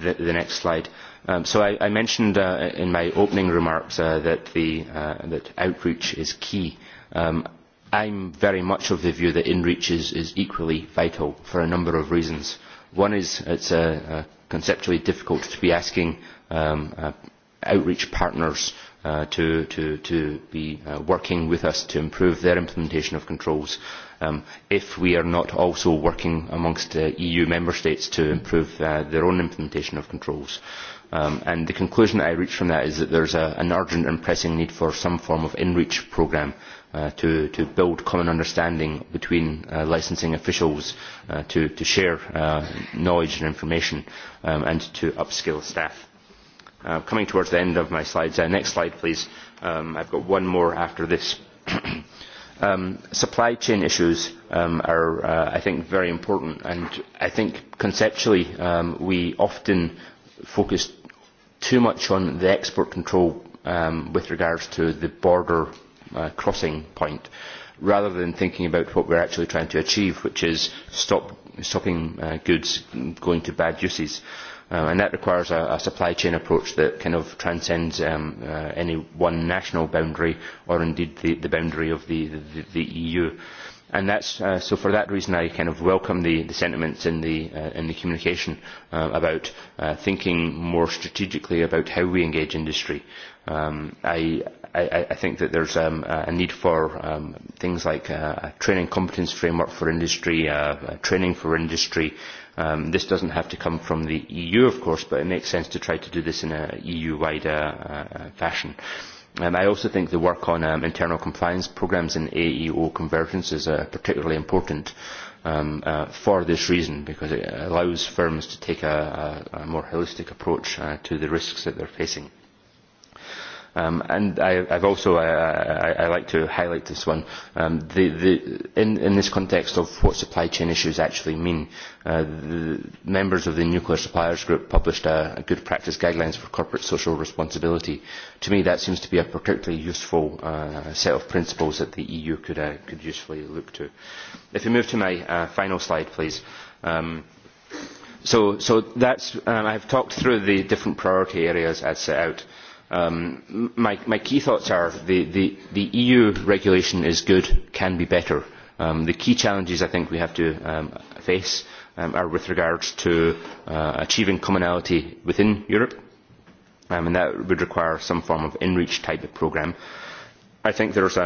the, the next slide. Um, so I, I mentioned uh, in my opening remarks uh, that, the, uh, that outreach is key. Um, I am very much of the view that inReach is, is equally vital for a number of reasons. One is it is conceptually difficult to be asking um, uh, outreach partners to, to, to be working with us to improve their implementation of controls if we are not also working amongst EU member states to improve their own implementation of controls. the conclusion I reach from that is that there is an urgent and pressing need for some form of in-reach programme to, build common understanding between licensing officials to, share knowledge and information and to upskill staff coming towards the end of my slides, uh, next slide please. Um, I've got one more after this. um, supply chain issues um, are, uh, I think, very important and I think conceptually um, we often focus too much on the export control um, with regards to the border uh, crossing point rather than thinking about what we're actually trying to achieve, which is stop, stopping uh, goods going to bad uses and that requires a, a supply chain approach that kind of transcends um, uh, any one national boundary or indeed the, the boundary of the, the, the EU. And that's, uh, so for that reason I kind of welcome the, the sentiments in the, uh, in the communication uh, about uh, thinking more strategically about how we engage industry. Um, I, I, I think that there's um, a need for um, things like uh, a training competence framework for industry, uh, training for industry, Um, this doesn't have to come from the EU, of course, but it makes sense to try to do this in an EU-wide uh, uh, fashion. Um, I also think the work on um, internal compliance programmes and AEO convergence is uh, particularly important um, uh, for this reason, because it allows firms to take a, a, a more holistic approach uh, to the risks that they're facing Um, and I, I've also, I, I, I like to highlight this one, um, the, the, in, in this context of what supply chain issues actually mean. Uh, the members of the Nuclear Suppliers Group published a, a good practice guidelines for corporate social responsibility. To me, that seems to be a particularly useful uh, set of principles that the EU could, uh, could usefully look to. If you move to my uh, final slide, please. Um, so, so that's, um, I've talked through the different priority areas as set out my, my key thoughts are that the, EU regulation is good, can be better. the key challenges I think we have to face are with regards to achieving commonality within Europe, and that would require some form of in-reach type of programme. I think there is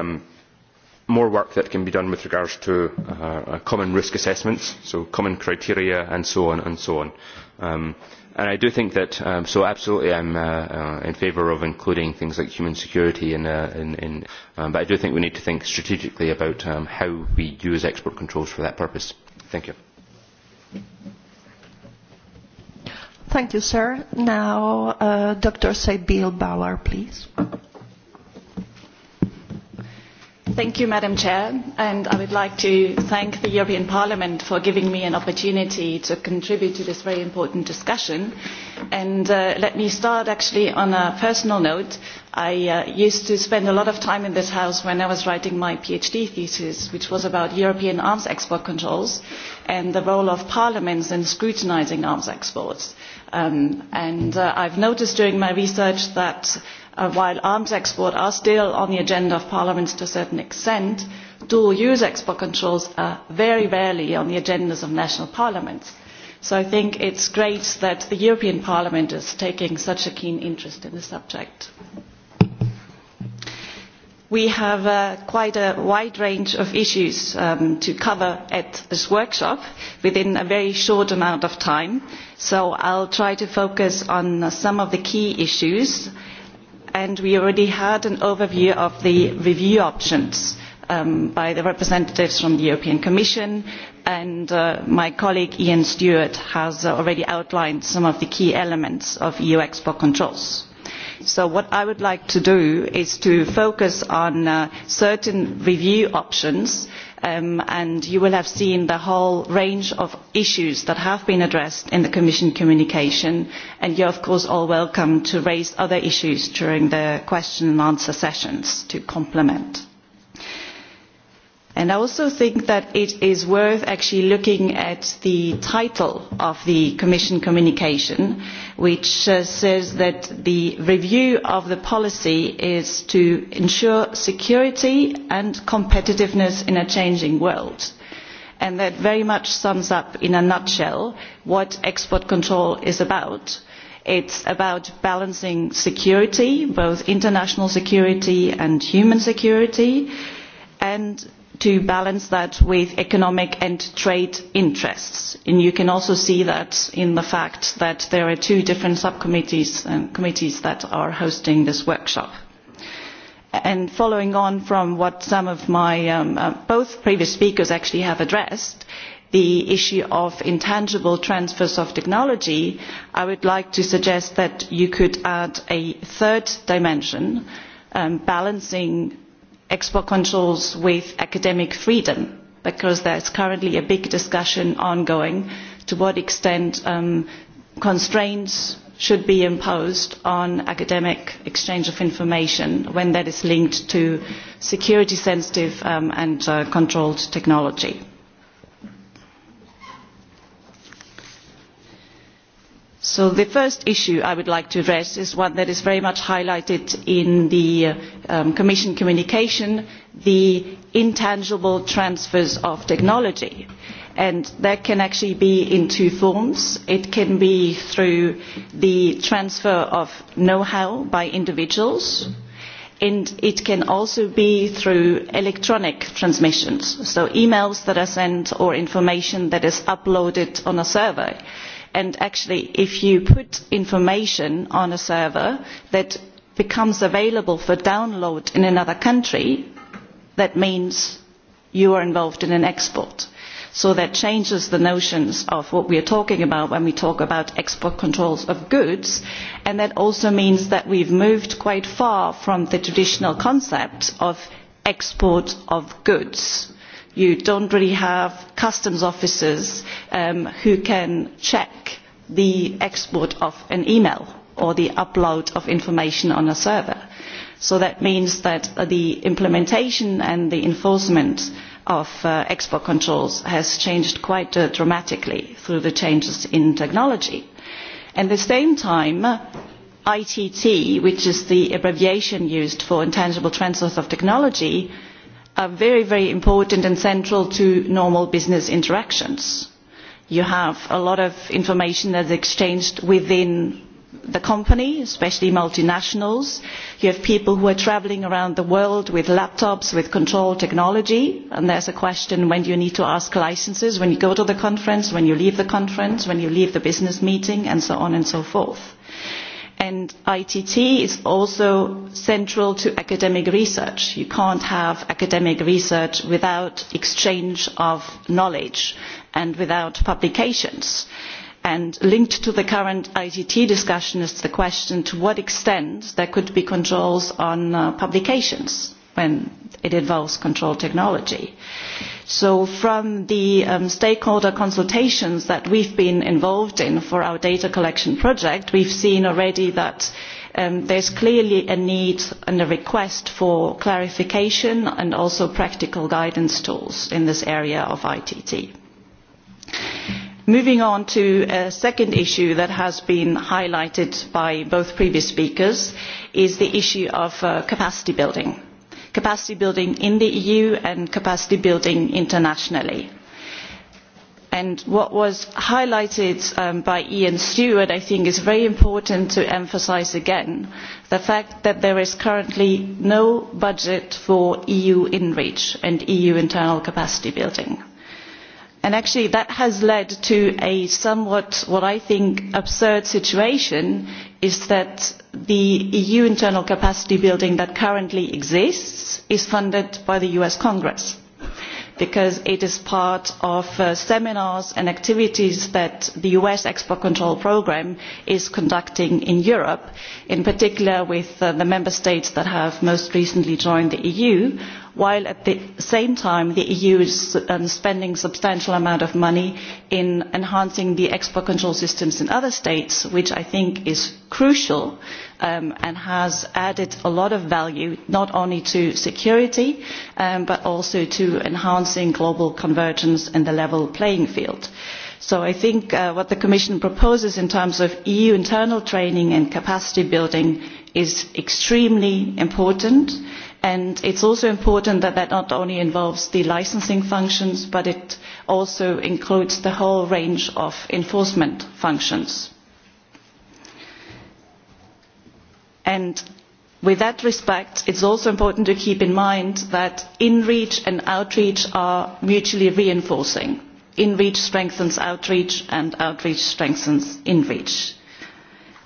more work that can be done with regards to common risk assessments, so common criteria and so on and so on. And I do think that, so absolutely I'm uh, in favour of including things like human security in, uh, in, in but I do think we need to think strategically about um, how we use export controls for that purpose. Thank you. Thank you, sir. Now, uh, Dr. Sabil Bauer, please madam president i would like to thank the european parliament for giving me an opportunity to contribute to this very important discussion. let me start actually on a personal note. i used to spend a lot of time in this house when i was writing my phd thesis which was about european arms export controls and the role of parliaments in scrutinising arms exports. i have noticed during my research that while arms exports are still on the agenda of parliaments to a certain extent, dual use export controls are very rarely on the agendas of national parliaments. So I think it is great that the European Parliament is taking such a keen interest in the subject. We have quite a wide range of issues to cover at this workshop within a very short amount of time. So I will try to focus on some of the key issues and we already had an overview of the review options by the representatives from the European Commission, and my colleague Ian Stewart has already outlined some of the key elements of EU export controls. So what I would like to do is to focus on certain review options and you will have seen the whole range of issues that have been addressed in the Commission communication, and you are of course all welcome to raise other issues during the question and answer sessions to complement. And I also think that it is worth actually looking at the title of the Commission communication, which says that the review of the policy is to ensure security and competitiveness in a changing world. And that very much sums up in a nutshell what export control is about. It is about balancing security, both international security and human security, and to balance that with economic and trade interests. you can also see that in the fact that there are two different subcommittees and committees that are hosting this workshop. following on from what some of my both previous speakers actually have addressed the issue of intangible transfers of technology i would like to suggest that you could add a third dimension balancing export controls with academic freedom because there is currently a big discussion ongoing to what extent constraints should be imposed on academic exchange of information when that is linked to security sensitive and controlled technology So the first issue I would like to address is one that is very much highlighted in the Commission communication, the intangible transfers of technology. And that can actually be in two forms. It can be through the transfer of know-how by individuals, and it can also be through electronic transmissions, so emails that are sent or information that is uploaded on a server and actually if you put information on a server that becomes available for download in another country that means you are involved in an export so that changes the notions of what we are talking about when we talk about export controls of goods and that also means that we have moved quite far from the traditional concept of export of goods you do not really have customs officers who can check the export of an email or the upload of information on a server. So that means that the implementation and the enforcement of export controls has changed quite dramatically through the changes in technology. At the same time, ITT, which is the abbreviation used for intangible transfers of technology, are very, very important and central to normal business interactions. You have a lot of information that is exchanged within the company, especially multinationals. You have people who are travelling around the world with laptops, with control technology, and there's a question when you need to ask licenses, when you go to the conference, when you leave the conference, when you leave the business meeting, and so on and so forth and ITT is also central to academic research. You can't have academic research without exchange of knowledge and without publications. And linked to the current ITT discussion is the question to what extent there could be controls on publications when it involves control technology. Uh, So from the stakeholder consultations that we have been involved in for our data collection project, we have seen already that there is clearly a need and a request for clarification and also practical guidance tools in this area of ITT. Moving on to a second issue that has been highlighted by both previous speakers is the issue of capacity building capacity building in the EU and capacity building internationally. what was highlighted by Ian Stewart, I think, is very important to emphasise again the fact that there is currently no budget for EU inReach and EU internal capacity building and actually that has led to a somewhat what i think absurd situation is that the eu internal capacity building that currently exists is funded by the us congress because it is part of seminars and activities that the us export control programme is conducting in europe in particular with the member states that have most recently joined the eu while at the same time the eu is spending a substantial amount of money in enhancing the export control systems in other states which i think is crucial and has added a lot of value not only to security but also to enhancing global convergence and the level playing field. so i think what the commission proposes in terms of eu internal training and capacity building is extremely important and and it is also important that that not only involves the licensing functions but it also includes the whole range of enforcement functions. with that respect it is also important to keep in mind that in reach and outreach are mutually reinforcing in reach strengthens outreach and outreach strengthens in reach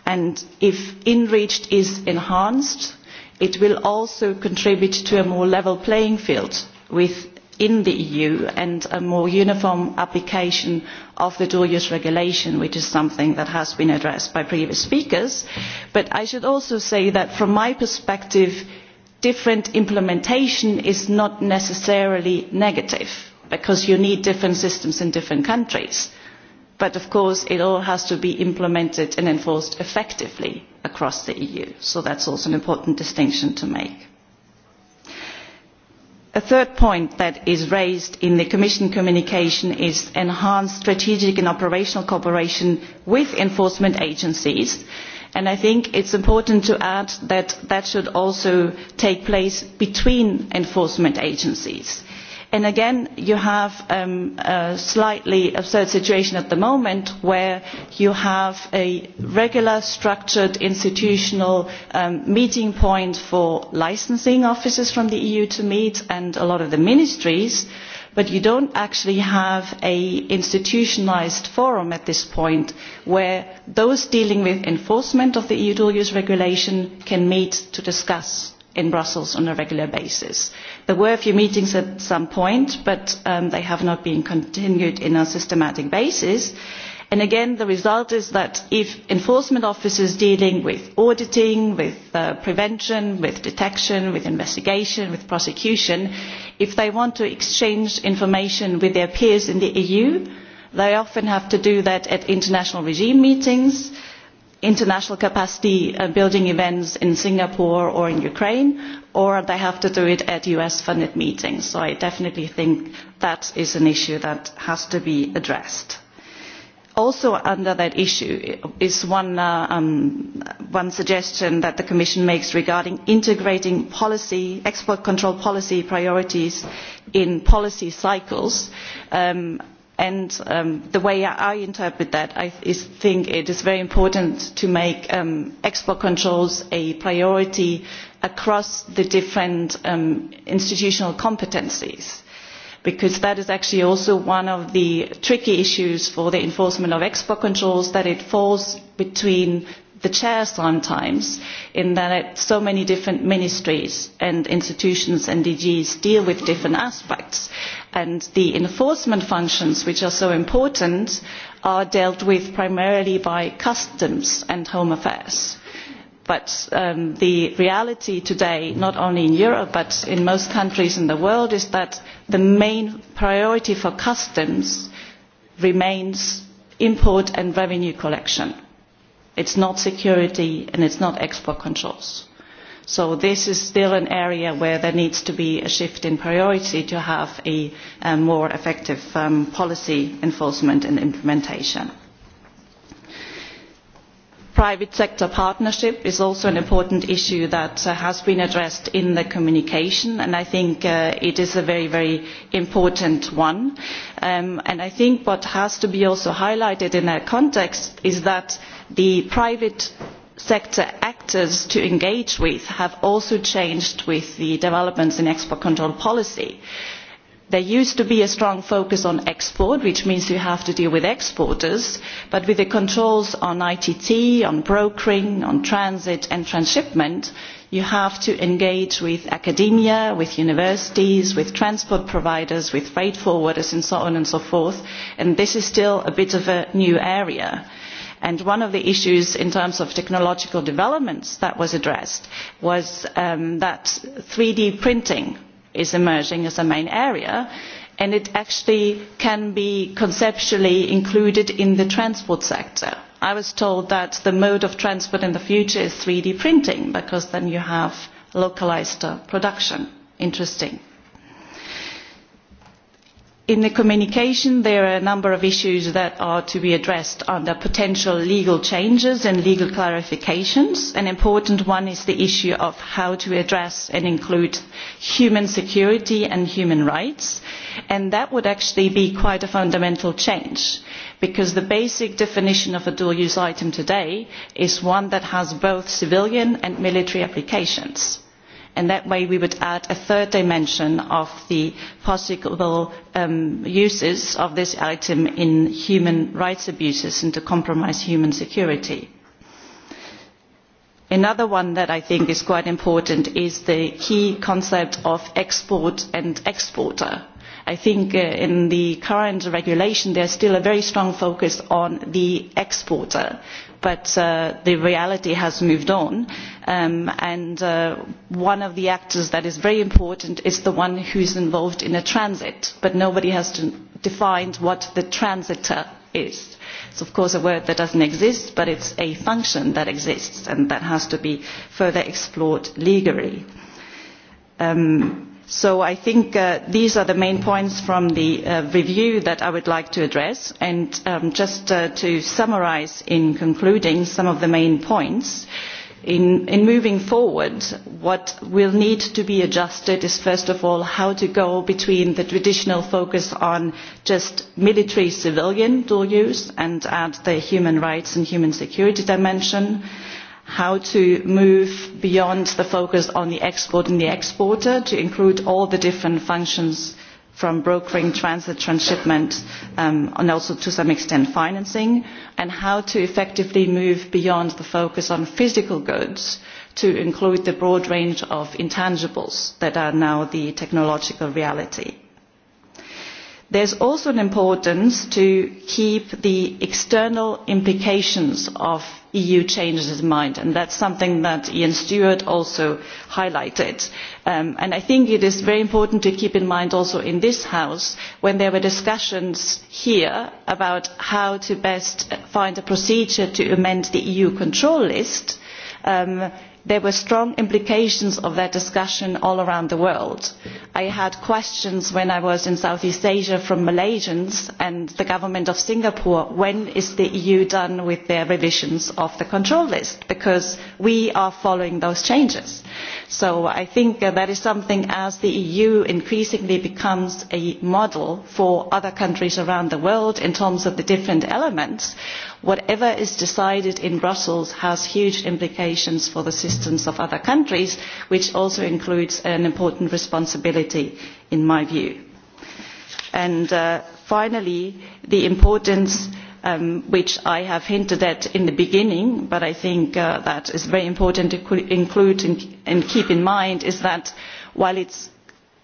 and if in reach is enhanced it will also contribute to a more level playing field within the eu and a more uniform application of the dual use regulation which is something that has been addressed by previous speakers but i should also say that from my perspective different implementation is not necessarily negative because you need different systems in different countries but of course it all has to be implemented and enforced effectively across the eu so that is also an important distinction to make. a third point that is raised in the commission communication is enhanced strategic and operational cooperation with enforcement agencies and i think it is important to add that that should also take place between enforcement agencies and again you have a slightly absurd situation at the moment where you have a regular structured institutional meeting point for licensing officers from the eu to meet and a lot of the ministries but you do not actually have an institutionalised forum at this point where those dealing with enforcement of the eu dual use regulation can meet to discuss in Brussels on a regular basis. There were a few meetings at some point, but they have not been continued on a systematic basis. And again, the result is that if enforcement officers dealing with auditing, with prevention, with detection, with investigation, with prosecution, if they want to exchange information with their peers in the EU, they often have to do that at international regime meetings international capacity building events in Singapore or in Ukraine, or they have to do it at US funded meetings. So I definitely think that is an issue that has to be addressed. Also under that issue is one, suggestion that the Commission makes regarding integrating policy, export control policy priorities in policy cycles. Um, and the way i interpret that i think it is very important to make export controls a priority across the different institutional competencies because that is actually also one of the tricky issues for the enforcement of export controls that it falls between the chairs sometimes in that so many different ministries and institutions and DGs deal with different aspects and the enforcement functions, which are so important, are dealt with primarily by customs and home affairs. But the reality today, not only in Europe but in most countries in the world, is that the main priority for customs remains import and revenue collection. It is not security and it is not export controls So this is still an area where there needs to be a shift in priority to have a, more effective policy enforcement and implementation. Private sector partnership is also an important issue that has been addressed in the communication and I think it is a very, very important one. and I think what has to be also highlighted in that context is that the private sector actors to engage with have also changed with the developments in export control policy. There used to be a strong focus on export, which means you have to deal with exporters, but with the controls on ITT, on brokering, on transit and transshipment, you have to engage with academia, with universities, with transport providers, with freight forwarders and so on and so forth, and this is still a bit of a new area and one of the issues in terms of technological developments that was addressed was that three d printing is emerging as a main area and it actually can be conceptually included in the transport sector. I was told that the mode of transport in the future is three d printing because then you have localised production. Interesting in the communication there are a number of issues that are to be addressed under potential legal changes and legal clarifications. an important one is the issue of how to address and include human security and human rights and that would actually be quite a fundamental change because the basic definition of a dual use item today is one that has both civilian and military applications and that way we would add a third dimension of the possible uses of this item in human rights abuses and to compromise human security. Another one that I think is quite important is the key concept of export and exporter. I think in the current regulation there is still a very strong focus on the exporter but the reality has moved on and one of the actors that is very important is the one who is involved in a transit but nobody has defined what the transitor is. It is of course a word that doesn't exist but it is a function that exists and that has to be further explored legally. So I think these are the main points from the review that I would like to address. And just to summarise in concluding some of the main points, in moving forward what will need to be adjusted is first of all how to go between the traditional focus on just military civilian dual use and add the human rights and human security dimension and how to move beyond the focus on the export and the exporter to include all the different functions from brokering, transit, transshipment, um, and also to some extent financing, and how to effectively move beyond the focus on physical goods to include the broad range of intangibles that are now the technological reality There is also an importance to keep the external implications of EU changes in mind, and that is something that Ian Stewart also highlighted. I think it is very important to keep in mind also in this House, when there were discussions here about how to best find a procedure to amend the EU control list, there were strong implications of that discussion all around the world. i had questions when i was in south east asia from malaysians and the government of singapore when is the eu done with their revisions of the control list because we are following those changes. So I think that is something as the EU increasingly becomes a model for other countries around the world in terms of the different elements, whatever is decided in Brussels has huge implications for the systems of other countries, which also includes an important responsibility in my view. And finally, the importance which I have hinted at in the beginning, but I think that is very important to include and keep in mind, is that while it is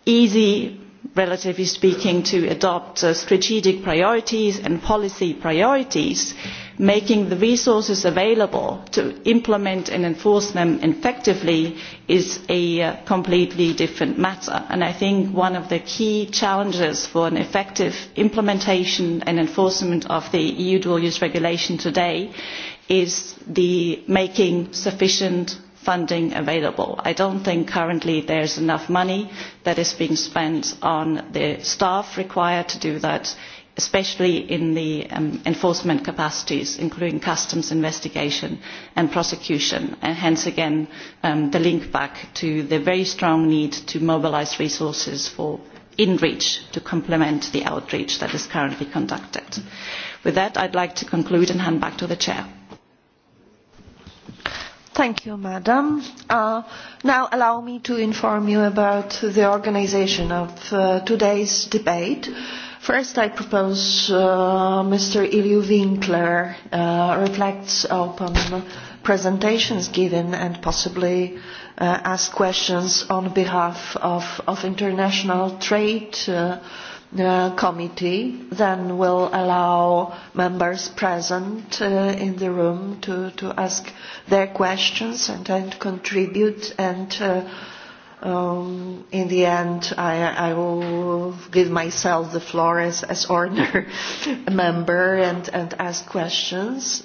easy relatively speaking to adopt strategic priorities and policy priorities making the resources available to implement and enforce them effectively is a completely different matter and i think one of the key challenges for an effective implementation and enforcement of the eu dual use regulation today is making sufficient funding available. I don't think currently there is enough money that is being spent on the staff required to do that, especially in the enforcement capacities, including customs investigation and prosecution, and hence again the link back to the very strong need to mobilise resources for in-reach to complement the outreach that is currently conducted. With that, I would like to conclude and hand back to the Chair. Thank you, Madam. now allow me to inform you about the organisation of today's debate. First, I propose Mr. Ilyu Winkler reflects upon presentations given and possibly ask questions on behalf of, international trade uh, uh, committee then will allow members present uh, in the room to, to ask their questions and, and contribute and uh, um, in the end I, I will give myself the floor as, as ordinary member and, and ask questions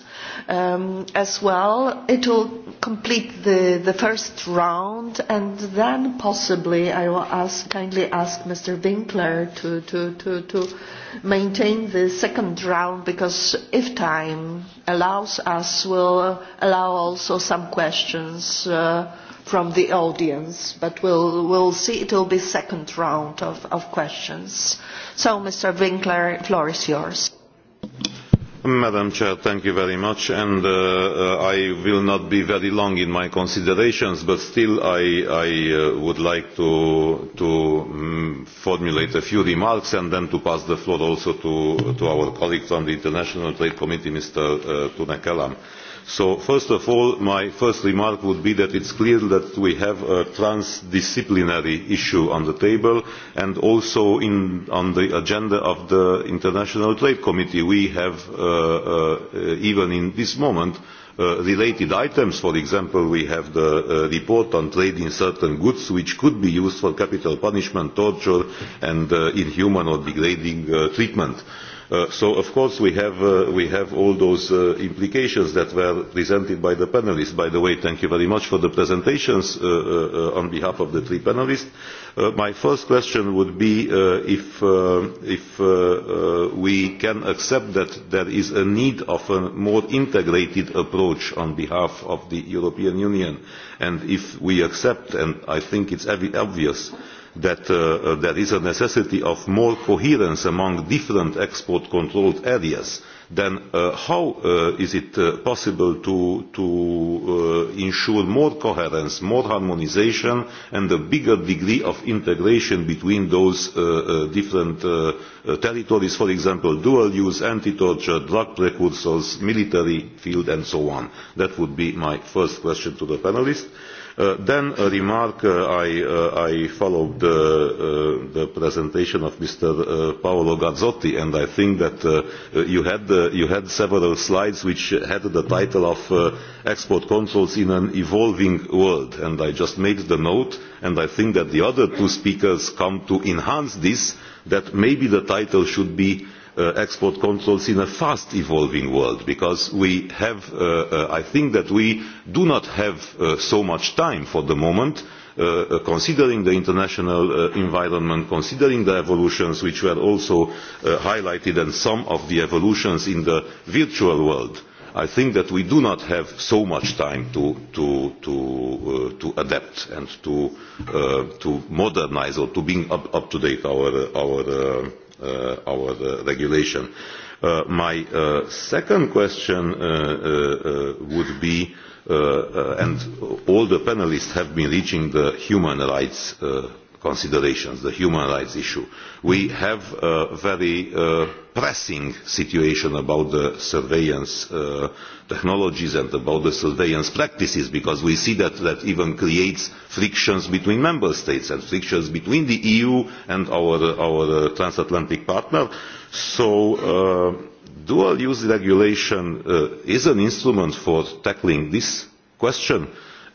um, as well. It will complete the, the first round, and then possibly I will ask, kindly ask Mr. Winkler to, to, to, to maintain the second round because if time allows us, we'll allow also some questions. Uh, from the audience, but we'll, we'll see. It will be second round of, of questions. So, Mr. Winkler, floor is yours. Madam President, thank you very much, and I will not be very long in my considerations, but still I, would like to, formulate a few remarks and then to pass the floor also to, our colleague from the International Trade Committee, Mr. kelam. So first of all, my first remark would be that it is clear that we have a transdisciplinary issue on the table and also on the agenda of the International Trade Committee we have, even at this moment, related items. For example, we have the report on trade in certain goods which could be used for capital punishment, torture and inhuman or degrading treatment so of course we have all those implications that were presented by the panellists. by the way thank you very much for the presentations on behalf of the three panellists. my first question would be if we can accept that there is a need for a more integrated approach on behalf of the european union and if we accept and i think it is obvious that that uh, there is a necessity of more coherence among different export controlled areas, then uh, how uh, is it uh, possible to, to uh, ensure more coherence, more harmonization, and a bigger degree of integration between those uh, uh, different uh, uh, territories, for example, dual use, anti-torture, drug precursors, military field, and so on? That would be my first question to the panelists then a remark I, followed the, presentation of Mr. Paolo Gazzotti, and I think that you, had, several slides which had the title of Export Controls in an Evolving World, and I just made the note, and I think that the other two speakers come to enhance this, that maybe the title should be export controls in a fast evolving world because we have, I think that we do not have so much time for the moment considering the international environment, considering the evolutions which were also highlighted and some of the evolutions in the virtual world, I think that we do not have so much time to, adapt and to, modernise or to bring up, to date our uh, our uh, regulation. Uh, my uh, second question uh, uh, would be, uh, uh, and all the panelists have been reaching the human rights uh, considerations, the human rights issue. We have a very pressing situation about the surveillance technologies and about the surveillance practices because we see that that even creates frictions between member states and frictions between the EU and our, our transatlantic partner. So dual use regulation is an instrument for tackling this question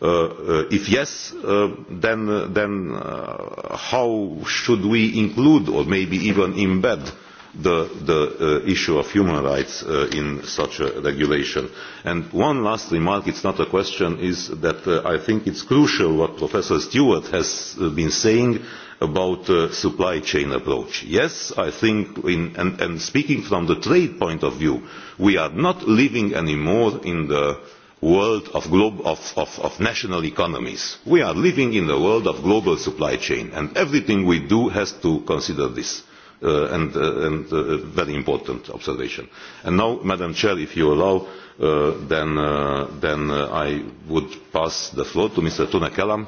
if yes, then, then how should we include or maybe even embed the, the uh, issue of human rights uh, in such a regulation. And one last remark, it's not a question, is that uh, I think it's crucial what Professor Stewart has uh, been saying about the supply chain approach. Yes, I think, in, and, and speaking from the trade point of view, we are not living anymore in the world of, of, of, of national economies. We are living in the world of global supply chain, and everything we do has to consider this. Uh, and uh, and uh, very important observation. And now, Madam Chair, if you allow, uh, then, uh, then uh, I would pass the floor to Mr. Tuna Kellam.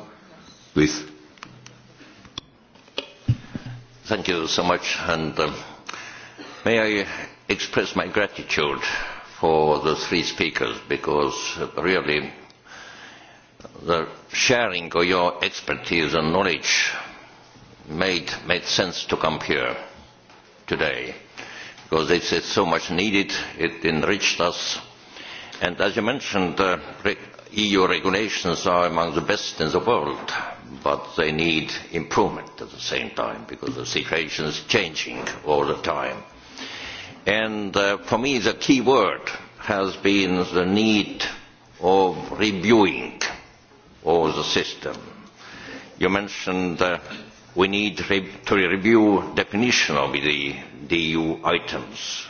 Please. Thank you so much, and um, may I express my gratitude for the three speakers because really the sharing of your expertise and knowledge made, made sense to come here today because it's, it's so much needed, it enriched us. And as you mentioned, uh, EU regulations are among the best in the world, but they need improvement at the same time because the situation is changing all the time And uh, for me, the key word has been the need of reviewing of the system. You mentioned uh, we need re to review definition of the, DU EU items,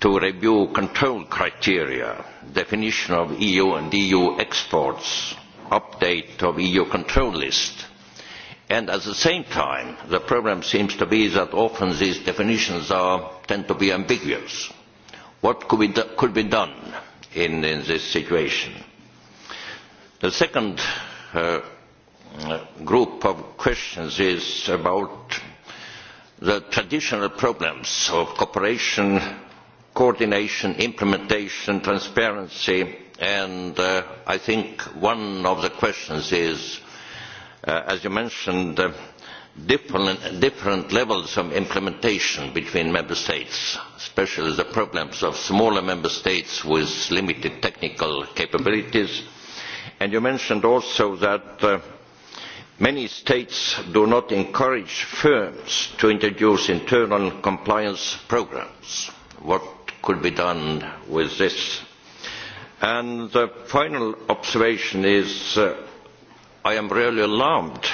to review control criteria, definition of EU and EU exports, update of EU control list, and at the same time the problem seems to be that often these definitions are, tend to be ambiguous. What could be, do, could be done in, in this situation? The second uh, group of questions is about the traditional problems of cooperation, coordination, implementation, transparency, and uh, I think one of the questions is as you mentioned, different, levels of implementation between member states, especially the problems of smaller member states with limited technical capabilities. And you mentioned also that many states do not encourage firms to introduce internal compliance programmes. What could be done with this? And the final observation is I am really alarmed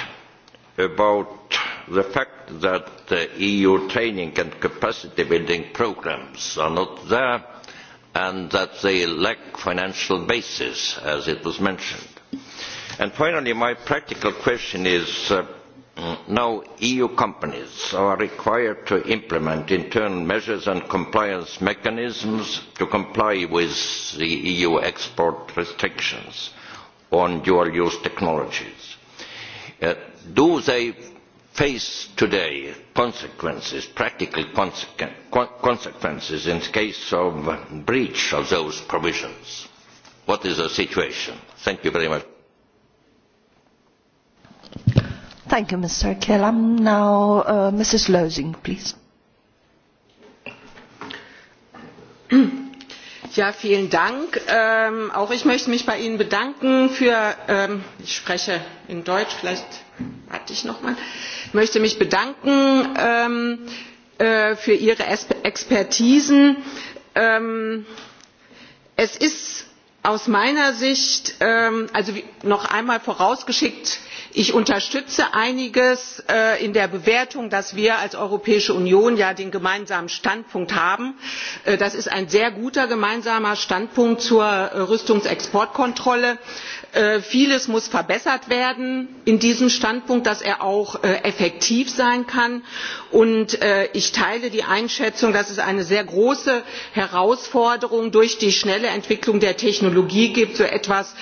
about the fact that the EU training and capacity building programmes are not there and that they lack financial basis, as it was mentioned. finally, my practical question is, now EU companies are required to implement internal measures and compliance mechanisms to comply with the EU export restrictions on dual-use technologies. do they face today consequences, practical consequences in the case of breach of those provisions? What is the situation? Thank you very much. Thank you, Mr. Kellam. Now, uh, Mrs. Losing, please. vielen Dank. auch ich möchte mich bei Ihnen bedanken für, ich spreche in Deutsch, vielleicht warte ich noch mal, ich möchte mich bedanken für Ihre Expertisen. es ist aus meiner Sicht, also noch einmal vorausgeschickt, ich unterstütze einiges in der bewertung dass wir als europäische union ja den gemeinsamen standpunkt haben. das ist ein sehr guter gemeinsamer standpunkt zur rüstungsexportkontrolle. vieles muss verbessert werden in diesem standpunkt damit er auch effektiv sein kann. und ich teile die einschätzung dass es eine sehr große herausforderung durch die schnelle entwicklung der technologie gibt so etwas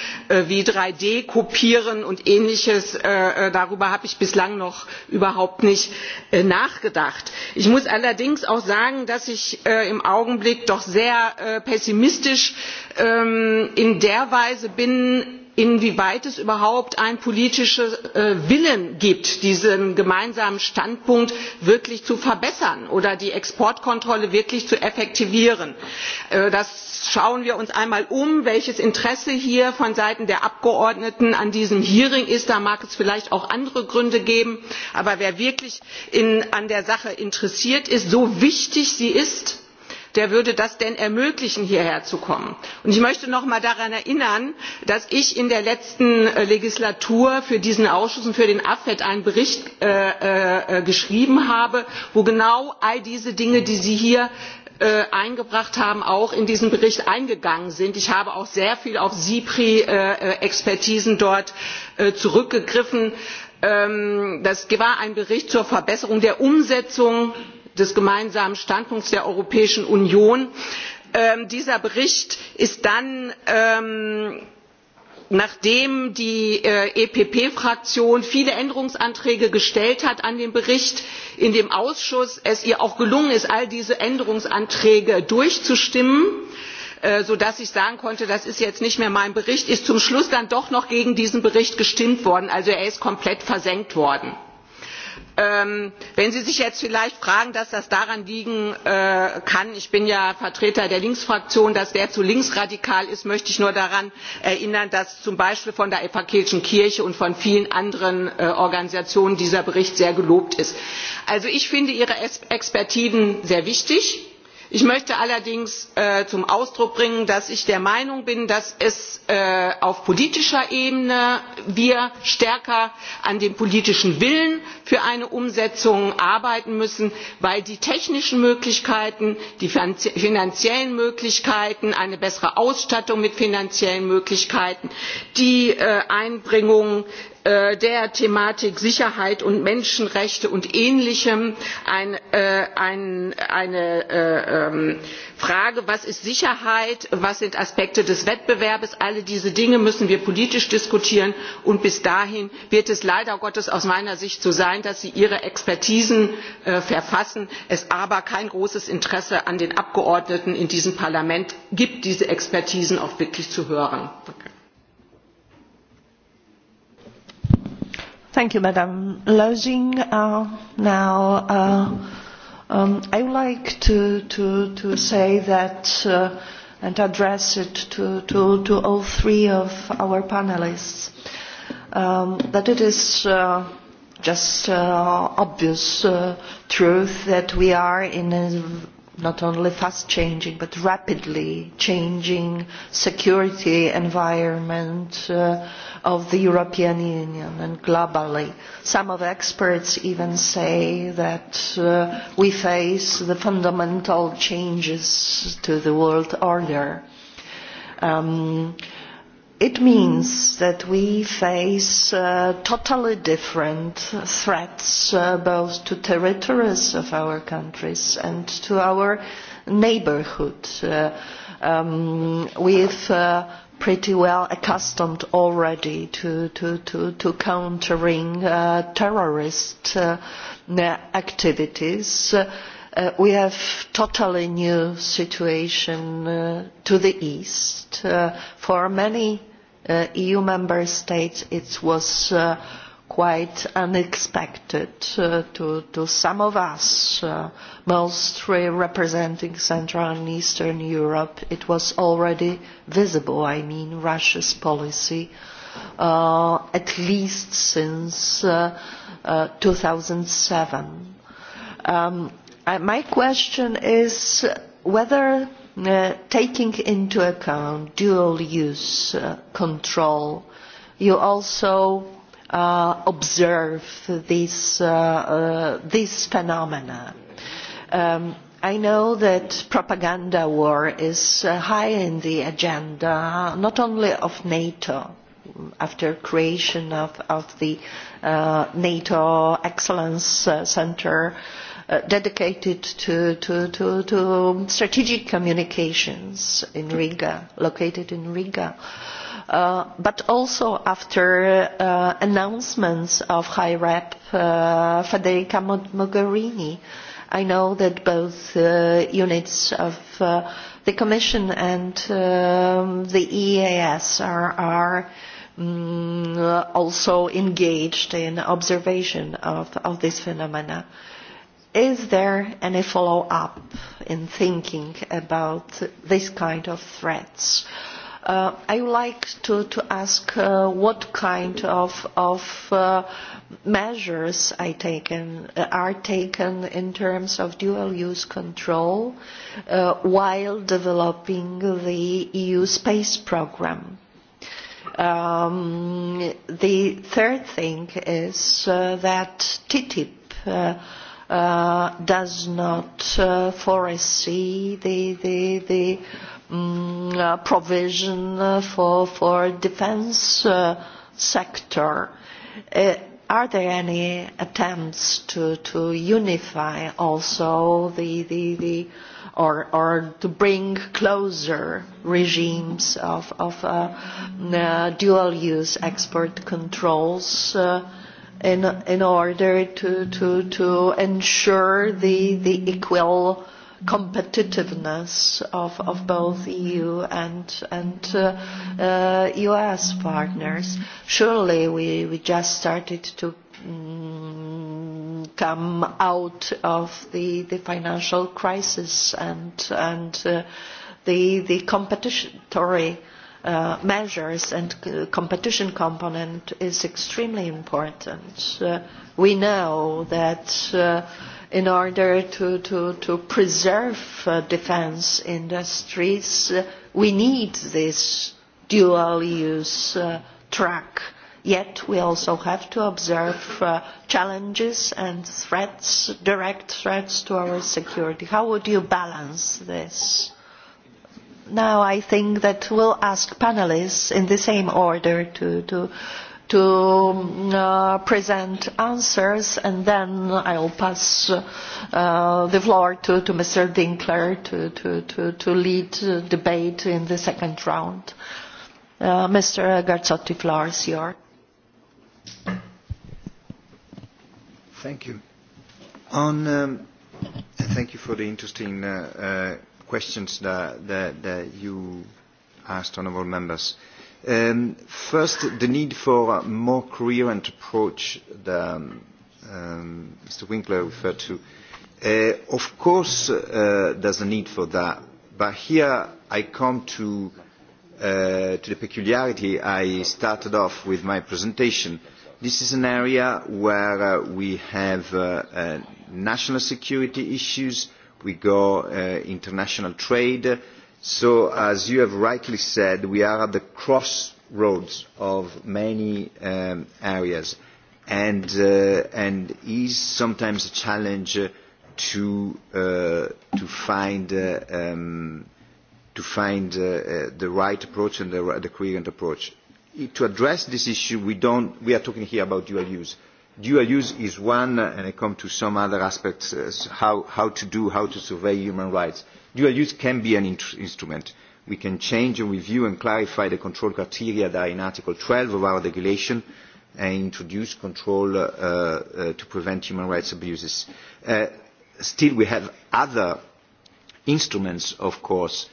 wie drei d kopieren und ähnliches darüber habe ich bislang noch überhaupt nicht nachgedacht. ich muss allerdings auch sagen dass ich im augenblick doch sehr pessimistisch in der weise bin inwieweit es überhaupt einen politischen willen gibt diesen gemeinsamen standpunkt wirklich zu verbessern oder die exportkontrolle wirklich zu effektivieren. schauen wir uns einmal um welches interesse hier von seiten der abgeordneten an diesem hearing ist da mag es vielleicht auch andere gründe geben aber wer wirklich an der sache interessiert ist so wichtig sie ist der würde das denn ermöglichen hierher zu kommen? ich möchte noch einmal daran erinnern dass ich in der letzten legislatur für diesen ausschuss und für den afet einen bericht geschrieben habe wo genau all diese dinge die sie hier eingebracht haben auch in diesen bericht eingegangen sind. ich habe auch sehr viel auf cipri expertisen dort zurückgegriffen. das war ein bericht zur verbesserung der umsetzung des gemeinsamen standpunkts der europäischen union. dieser bericht ist dann nachdem die epp fraktion viele änderungsanträge gestellt hat an den bericht in dem ausschuss es ihr auch gelungen ist all diese änderungsanträge durchzustimmen sodass ich sagen konnte das ist jetzt nicht mehr mein bericht ist zum schluss dann doch noch gegen diesen bericht gestimmt worden also er ist komplett versenkt worden wenn sie sich jetzt vielleicht fragen dass das daran liegen kann ich bin ja vertreter der linksfraktion dass der zu linksradikal ist möchte ich nur daran erinnern dass zum beispiel von der evangelischen kirche und von vielen anderen organisationen dieser bericht sehr gelobt ist. also ich finde ihre expertisen sehr wichtig ich möchte allerdings zum ausdruck bringen dass ich der meinung bin dass wir auf politischer ebene stärker an dem politischen willen für eine umsetzung arbeiten müssen weil die technischen möglichkeiten die finanziellen möglichkeiten eine bessere ausstattung mit finanziellen möglichkeiten die einbringung der thematik sicherheit und menschenrechte und ähnlichem eine frage was ist sicherheit was sind aspekte des wettbewerbs? all diese dinge müssen wir politisch diskutieren und bis dahin wird es leider gottes aus meiner sicht so sein dass sie ihre expertisen verfassen es aber kein großes interesse an den abgeordneten in diesem parlament gibt diese expertisen auch wirklich zu hören. Thank you, Madam Losing. Uh, now, uh, um, I would like to, to, to say that uh, and address it to, to, to all three of our panelists um, that it is uh, just uh, obvious uh, truth that we are in a not only fast changing but rapidly changing security environment uh, of the European Union and globally. Some of the experts even say that uh, we face the fundamental changes to the world order. Um, It means that we face uh, totally different threats, uh, both to territories of our countries and to our neighborhood. Uh, um, we've uh, pretty well accustomed already to, to, to, to countering uh, terrorist uh, activities. Uh, we have a totally new situation uh, to the east. Uh, for many uh, EU member states, it was uh, quite unexpected uh, to, to some of us, uh, mostly representing Central and Eastern Europe. It was already visible, I mean, Russia's policy, uh, at least since uh, uh, 2007. Um, my question is whether taking into account dual use uh, control, you also uh, observe this, uh, uh, phenomena. Um, I know that propaganda war is uh, high in the agenda, not only of NATO, after creation of, of the uh, NATO Excellence uh, Center, uh, dedicated to, to, to, to strategic communications in Riga, located in Riga. Uh, but also after uh, announcements of High Rep uh, Federica Mogherini, I know that both uh, units of uh, the Commission and um, the EAS are, are um, also engaged in observation of, of this phenomena. Uh, Is there any follow-up in thinking about this kind of threats? Uh, I would like to, to ask uh, what kind of, of uh, measures I taken, uh, are taken in terms of dual-use control uh, while developing the EU space program. Um, the third thing is uh, that TTIP uh, uh, does not uh, foresee the, the, the um, uh, provision for, for defense uh, sector. Uh, are there any attempts to, to unify also the, the, the or, or to bring closer regimes of, of uh, uh, dual-use export controls uh, in, in order to, to, to ensure the, the equal competitiveness of, of both EU and, and uh, uh, US partners. Surely we, we just started to um, come out of the, the financial crisis and, and uh, the, the competitory measures and competition component is extremely important. Uh, we know that uh, in order to, to, to preserve uh, defense industries, uh, we need this dual-use uh, track. Yet we also have to observe uh, challenges and threats, direct threats to our security. How would you balance this? now I think that we'll ask panelists in the same order to, to, to uh, present answers, and then I'll pass uh, the floor to, to Mr. Dinkler to, to, to, to lead the debate in the second round. Uh, Mr. Garzotti, floor is yours. Thank you. On, um, thank you for the interesting uh, uh, questions that, that, that you asked, honourable members. Um, first, the need for a more coherent approach that um, Mr. Winkler referred to. Uh, of course, uh, there's a need for that, but here I come to, uh, to the peculiarity I started off with my presentation. This is an area where uh, we have uh, uh, national security issues, we go uh, international trade. So as you have rightly said, we are at the crossroads of many um, areas and, uh, and is sometimes a challenge to, uh, to find, uh, um, to find uh, uh, the right approach and the, the coherent approach. To address this issue, we, don't, we are talking here about dual use dual use is one, and I come to some other aspects, uh, how, how to do, how to survey human rights. Dual use can be an instrument. We can change and review and clarify the control criteria that are in Article 12 of our regulation and introduce control uh, uh, to prevent human rights abuses. Uh, still, we have other instruments, of course,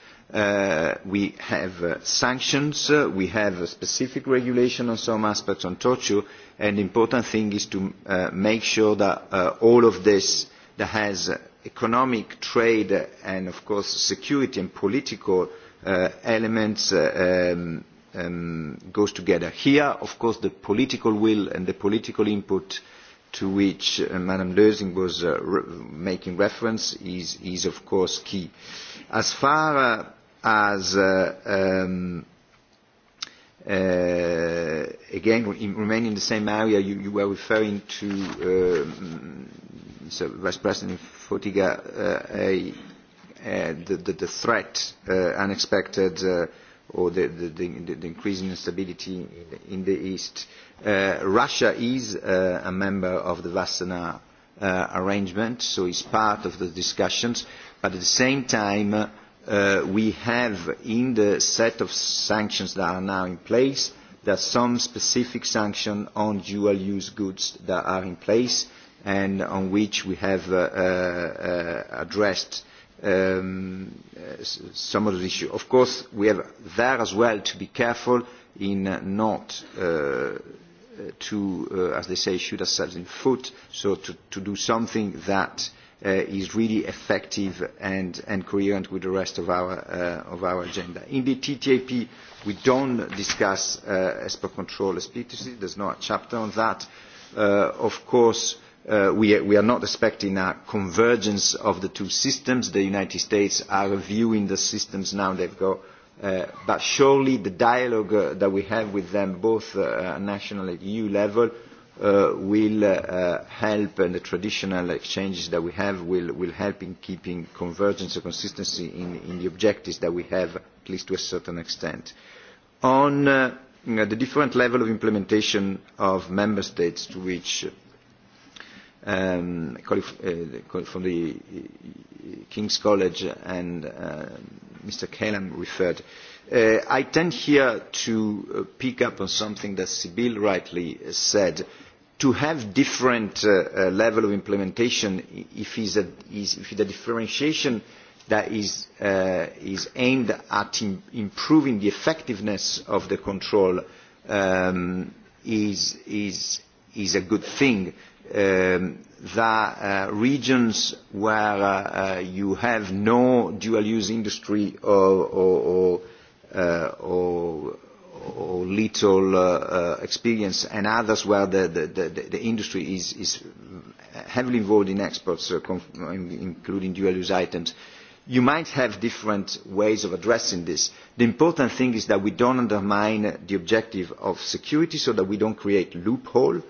we have sanctions, we have a specific regulation on some aspects on torture, And the important thing is to uh, make sure that uh, all of this that has economic, trade, and of course security and political uh, elements uh, um, um, goes together. Here, of course, the political will and the political input to which uh, Madam Lösing was uh, re making reference is, is, of course, key. As far uh, as uh, um, Uh, again, in, remaining in the same area, you, you were referring to uh, Mr. Vice President Fotiga, uh, a, a, the, the, the threat, uh, unexpected, uh, or the, the, the, the increasing instability in the, in the East. Uh, Russia is uh, a member of the Vassana uh, arrangement, so it's part of the discussions, but at the same time, uh, we have in the set of sanctions that are now in place, there are some specific sanctions on dual-use goods that are in place and on which we have addressed some of the issues. Of course, we have there as well to be careful in not to, as they say, shoot ourselves in the foot, so to, to do something that is really effective and, and coherent with the rest of our, uh, of our agenda. In the TTIP, we don't discuss uh, ESPA control explicitly. There's no chapter on that. Uh, of course, uh, we, we are not expecting a convergence of the two systems. The United States are reviewing the systems now they've got but surely the dialogue that we have with them, both at national and EU level, uh, will uh, help and the traditional exchanges that we have will, will help in keeping convergence and consistency in, in the objectives that we have, at least to a certain extent. On uh, the different level of implementation of member states to which um, from the King's College and uh, Mr. Kalam referred. Uh, I tend here to uh, pick up on something that Sibyl rightly said. Uh, to have different uh, uh, level of implementation if, a, is, if the differentiation that is, uh, is aimed at improving the effectiveness of the control um, is, is, is a good thing. Um, that uh, regions where uh, uh, you have no dual-use industry or, or, or, uh, or or little uh, uh, experience, and others where the, the, the, the industry is, is heavily involved in exports, uh, including dual-use items, you might have different ways of addressing this. The important thing is that we don't undermine the objective of security so that we don't create loophole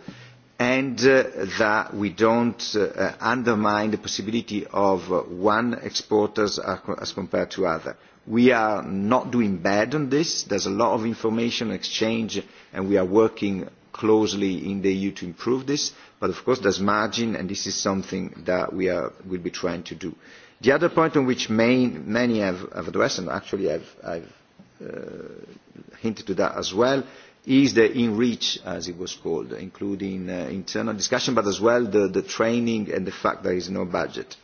and uh, that we don't uh, undermine the possibility of uh, one exporters as compared to other We are not doing bad on this. there is a lot of information exchange, and we are working closely in the EU to improve this. But of course, there is margin, and this is something that we are, will be trying to do. The other point on which main, many have, have addressed, and actually i I've hinted at that as well, is the in-reach, as it was called, including uh, internal discussion, but as well the, the training and the fact that there is no budget.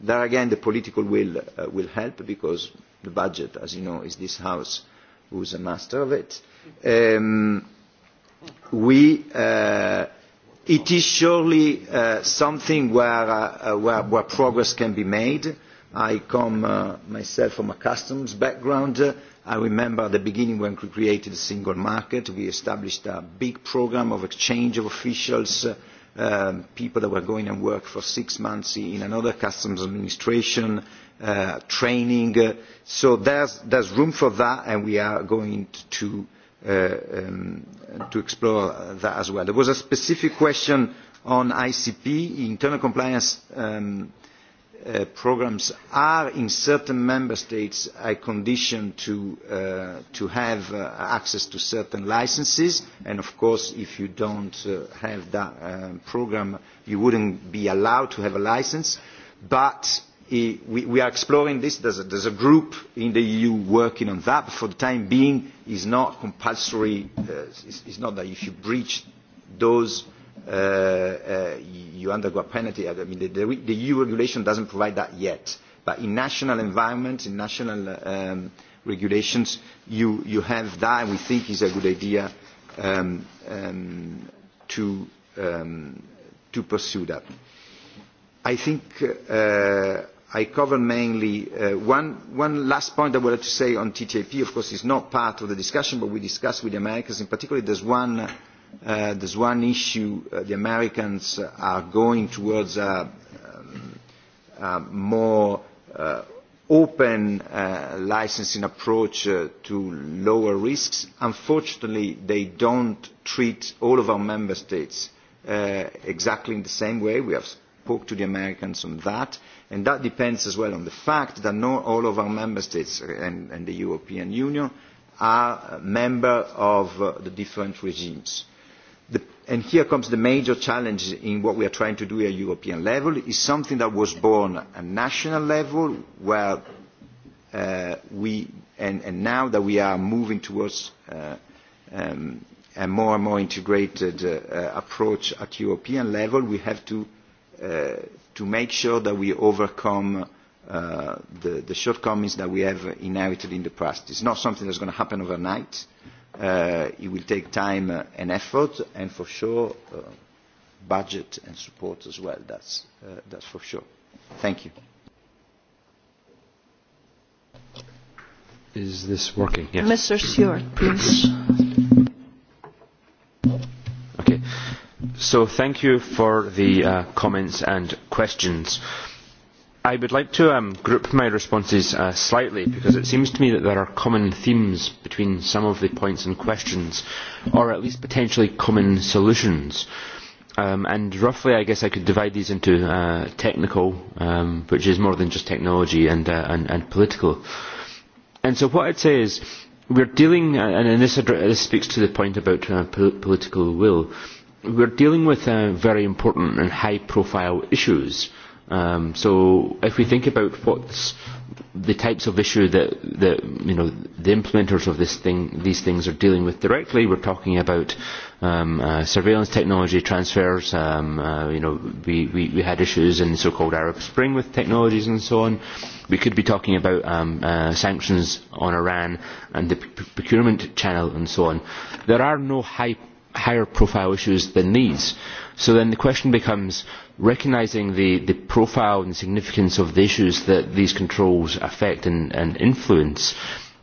There again, the political will uh, will help because the budget, as you know, is this House who is a master of it. Um, we, uh, it is surely uh, something where, uh, where, where progress can be made. I come uh, myself from a customs background. Uh, I remember at the beginning when we created the single market, we established a big program of exchange of officials, uh, um, people that were going and work for six months in another customs administration, training. so there's, there's room for that, and we are going to, uh, um, to explore that as well. There was a specific question on ICP. Internal compliance um, uh, programs are in certain member states a condition to, uh, to have uh, access to certain licenses and of course if you don't uh, have that programme program you wouldn't be allowed to have a license but we are exploring this. There is a group in the EU working on that. but For the time being, it is not compulsory. It is not that if you breach those, you undergo a penalty. I mean, the, EU regulation does not provide that yet. But in national environments, in national regulations, you, you have that, and we think is a good idea to, to pursue that. I think I cover mainly one, last point I would like to say on TTIP, of course, is not part of the discussion, but we discussed with the Americans. In particular, there's one, there's one issue the Americans are going towards a, more open licensing approach to lower risks. Unfortunately, they don't treat all of our member states exactly in the same way. We have spoke to the Americans on that And that depends as well on the fact that not all of our member states and, and the European Union are members of uh, the different regimes. The, and here comes the major challenge in what we are trying to do at European level is something that was born at national level where uh, we, and, and now that we are moving towards uh, um, a more and more integrated uh, uh, approach at European level, we have to uh, to make sure that we overcome uh, the, the shortcomings that we have inherited in the past. It's not something that's going to happen overnight. Uh, it will take time and effort, and for sure, uh, budget and support as well. That's, uh, that's for sure. Thank you. Is this working? Yes. Mr. Stewart, please. So thank you for the uh, comments and questions. I would like to um, group my responses uh, slightly because it seems to me that there are common themes between some of the points and questions, or at least potentially common solutions. Um, and roughly, I guess I could divide these into uh, technical, um, which is more than just technology, and, uh, and, and political. And so what I'd say is we're dealing, and, and this, this speaks to the point about uh, political will, we're dealing with uh, very important and high profile issues. Um, so if we think about what's the types of issue that, that you know the implementers of this thing, these things are dealing with directly, we're talking about um, uh, surveillance technology transfers. Um, uh, you know, we, we, we had issues in the so-called Arab Spring with technologies and so on. We could be talking about um, uh, sanctions on Iran and the p- procurement channel and so on. There are no high higher profile issues than these. So then the question becomes recognising the, the profile and significance of the issues that these controls affect and, and influence.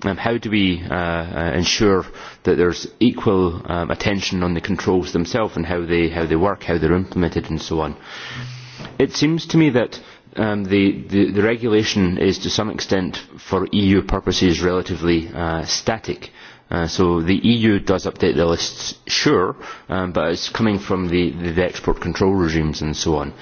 Um, how do we uh, uh, ensure that there's equal um, attention on the controls themselves and how they, how they work, how they're implemented and so on? It seems to me that um, the, the, the regulation is to some extent for EU purposes relatively uh, static. Uh, so the EU does update the lists, sure, um, but it's coming from the, the export control regimes and so on.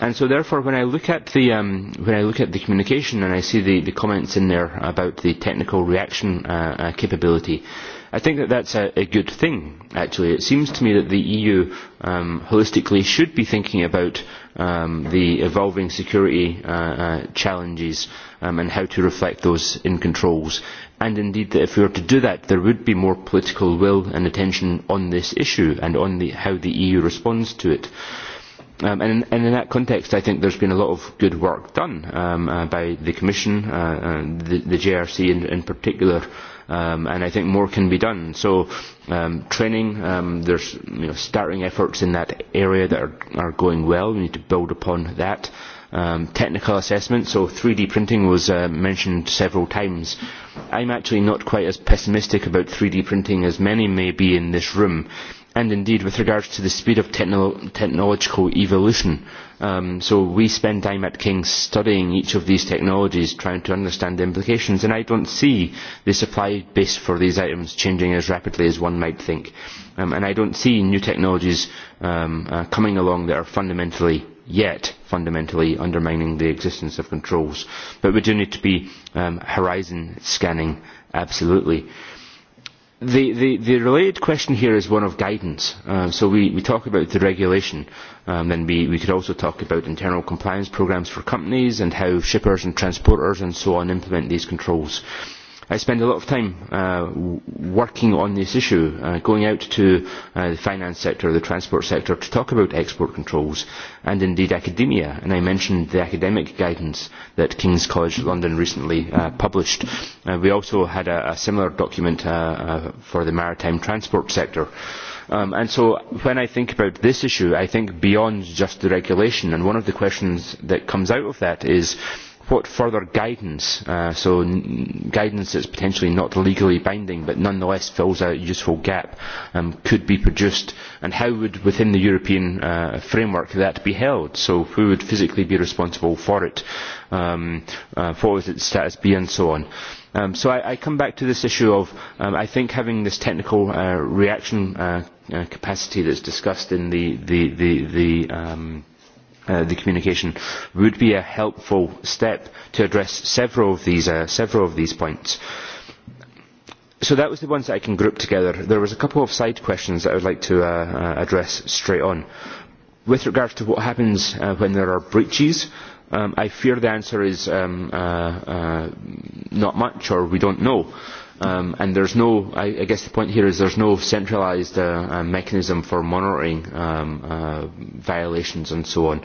And so therefore, when I look at the, um, when I look at the communication and I see the, the comments in there about the technical reaction uh, uh, capability, I think that that's a, a good thing, actually. It seems to me that the EU um, holistically should be thinking about um, the evolving security uh, uh, challenges um, and how to reflect those in controls and indeed that if we were to do that there would be more political will and attention on this issue and on the, how the EU responds to it. Um, and, and in that context, I think there's been a lot of good work done um, uh, by the Commission, uh, uh, the, the JRC in, in particular, um, and I think more can be done. So um, training, um, there's you know, starting efforts in that area that are, are going well. We need to build upon that um, technical assessment, so 3D printing was uh, mentioned several times. I'm actually not quite as pessimistic about 3D printing as many may be in this room, and indeed with regards to the speed of techno technological evolution. Um, so we spend time at King's studying each of these technologies, trying to understand the implications, and I don't see the supply base for these items changing as rapidly as one might think. Um, and I don't see new technologies um, uh, coming along that are fundamentally yet fundamentally undermining the existence of controls. But we do need to be um, horizon scanning, absolutely. The, the, the related question here is one of guidance. Uh, so we, we talk about the regulation, um, and we, we could also talk about internal compliance programs for companies and how shippers and transporters and so on implement these controls I spend a lot of time uh, working on this issue, uh, going out to uh, the finance sector, the transport sector, to talk about export controls, and indeed academia. And I mentioned the academic guidance that King's College London recently uh, published. Uh, we also had a, a similar document uh, uh, for the maritime transport sector. Um, and so when I think about this issue, I think beyond just the regulation. And one of the questions that comes out of that is, uh, what further guidance, uh, so guidance that is potentially not legally binding but nonetheless fills a useful gap, um, could be produced? And how would, within the European uh, framework, that be held? So who would physically be responsible for it? Um, uh, what would its status be and so on? Um, so I, I come back to this issue of um, I think having this technical uh, reaction uh, uh, capacity that's discussed in the, the, the, the um, the communication would be a helpful step to address several of these, several of these points. So that was the ones that I can group together. There was a couple of side questions that I would like to uh, address straight on. With regard to what happens uh, when there are breaches, um, I fear the answer is um, uh, uh, not much or we don't know Um, and there's no, I, I guess the point here is there's no centralised uh, mechanism for monitoring um, uh, violations and so on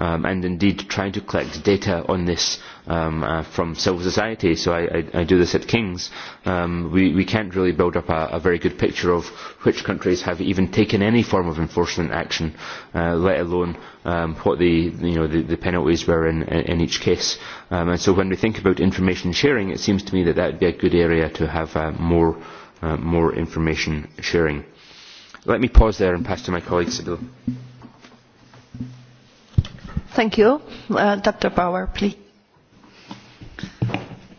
um, and indeed trying to collect data on this um, uh, from civil society. So I, I, I do this at King's. Um, we, we can't really build up a, a very good picture of which countries have even taken any form of enforcement action, uh, let alone um, what the, you know, the, the penalties were in, in each case. Um, and so when we think about information sharing, it seems to me that that would be a good area to have uh, more, uh, more information sharing. Let me pause there and pass to my colleague, Sibylle. Thank you. Uh, Dr. Bauer, please.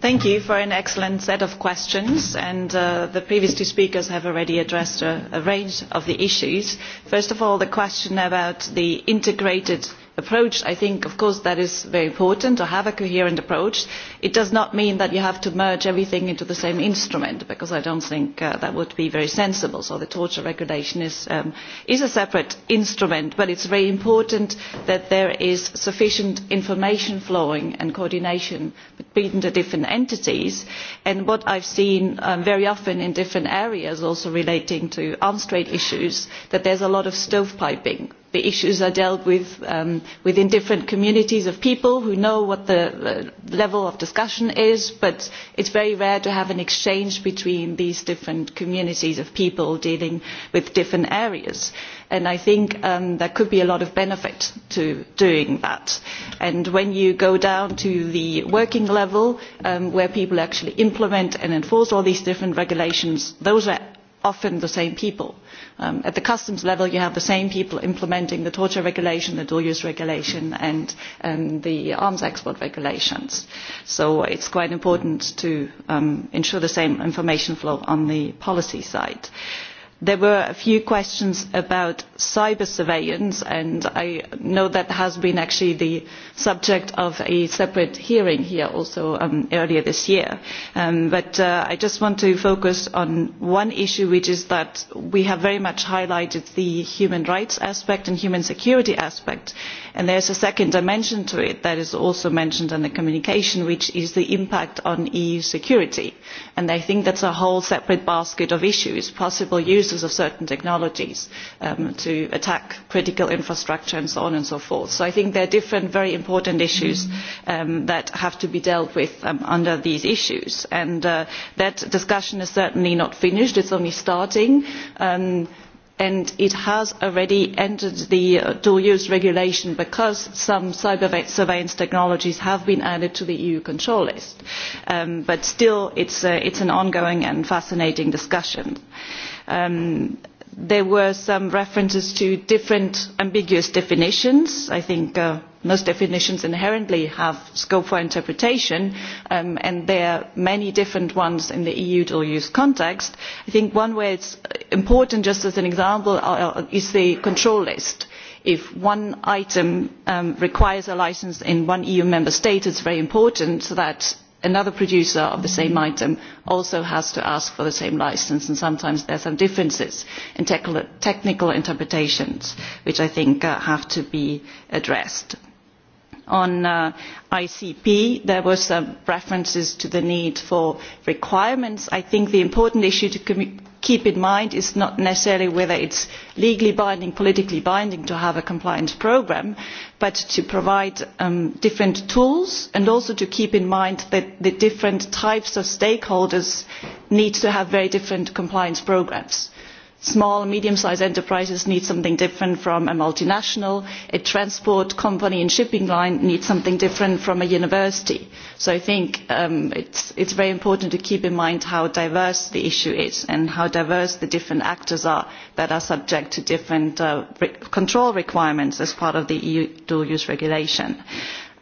Thank you for an excellent set of questions, and uh, the previous two speakers have already addressed a, a range of the issues. First of all, the question about the integrated approach i think of course that is very important to have a coherent approach. it does not mean that you have to merge everything into the same instrument because i do not think that would be very sensible so the torture regulation is a separate instrument but it is very important that there is sufficient information flowing and coordination between the different entities and what i have seen very often in different areas also relating to arms trade issues is that there is a lot of stovepiping the issues are dealt with within different communities of people who know what the level of discussion is but it is very rare to have an exchange between these different communities of people dealing with different areas and i think there could be a lot of benefit to doing that and when you go down to the working level where people actually implement and enforce all these different regulations those are often the same people. at the customs level, you have the same people implementing the torture regulation, the dual use regulation, and, the arms export regulations. So it's quite important to ensure the same information flow on the policy side. Uh, there were a few questions about cyber surveillance and i know that has been actually the subject of a separate hearing here also earlier this year but i just want to focus on one issue which is that we have very much highlighted the human rights aspect and human security aspect and there is a second dimension to it that is also mentioned in the communication which is the impact on eu security and i think that is a whole separate basket of issues possible uses of certain technologies to attack critical infrastructure and so on and so forth. So I think there are different very important issues that have to be dealt with under these issues. And that discussion is certainly not finished, it's only starting. Um, and it has already entered the dual use regulation because some cyber surveillance technologies have been added to the eu control list but still it is an ongoing and fascinating discussion there were some references to different ambiguous definitions. I think most definitions inherently have scope for interpretation, and there are many different ones in the EU dual use context. I think one where it is important, just as an example, is the control list if one item requires a licence in one eu member state it is very important that another producer of the same item also has to ask for the same license and sometimes there are some differences in technical interpretations which I think uh, have to be addressed. On uh, ICP, there were some references to the need for requirements. I think the important issue to keep in mind is not necessarily whether it is legally binding or politically binding to have a compliance programme but to provide different tools and also to keep in mind that the different types of stakeholders need to have very different compliance programmes small and medium sized enterprises need something different from a multinational a transport company and shipping line need something different from a university so i think it is very important to keep in mind how diverse the issue is and how diverse the different actors are that are subject to different control requirements as part of the eu dual use regulation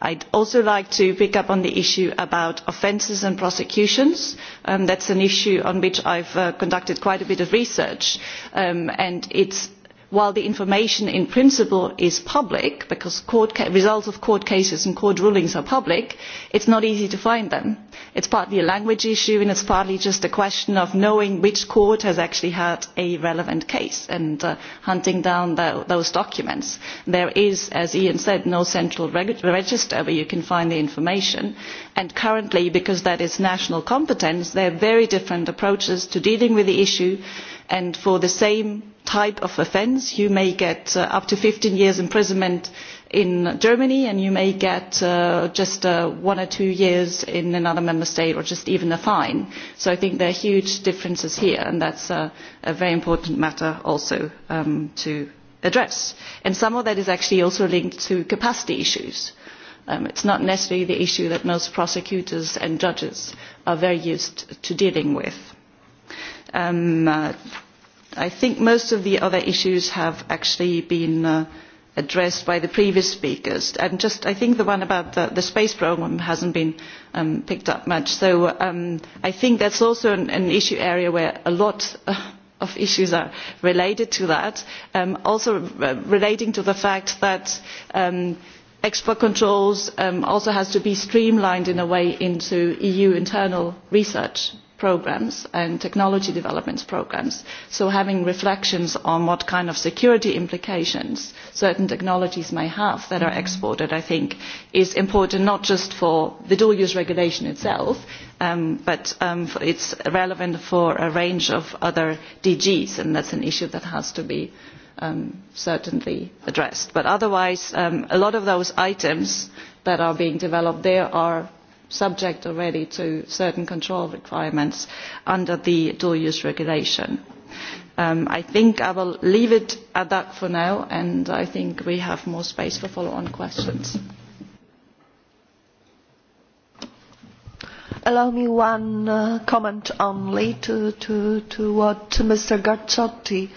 i would also like to pick up on the issue about offences and prosecutions. that is an issue on which i have conducted quite a bit of research and it is while the information in principle is public because results of court cases and court rulings are public it is not easy to find them. it is partly a language issue and it is partly just a question of knowing which court has actually had a relevant case and hunting down those documents. there is as ian said no central register where you can find the information and currently because that is national competence there are very different approaches to dealing with the issue and for the same type of offence you may get up to fifteen years imprisonment in germany and you may get just one or two years in another member state or just even a fine so i think there are huge differences here and that is a very important matter also to address and some of that is actually also linked to capacity issues it is not necessarily the issue that most prosecutors and judges are very used to dealing with I think most of the other issues have actually been addressed by the previous speakers. And just, I think the one about the, the space programme has not been picked up much. So I think that is also an, issue area where a lot of issues are related to that. also relating to the fact that export controls also have to be streamlined in a way into EU internal research programmes and technology development programmes. So having reflections on what kind of security implications certain technologies may have that are exported, I think, is important not just for the dual-use regulation itself, but it's relevant for a range of other DGs, and that's an issue that has to be certainly addressed. But otherwise, a lot of those items that are being developed there are subject already to certain control requirements under the dual use regulation. I think I will leave it at that for now, and I think we have more space for follow-on questions. Allow me one comment only to what Mr. Garzotti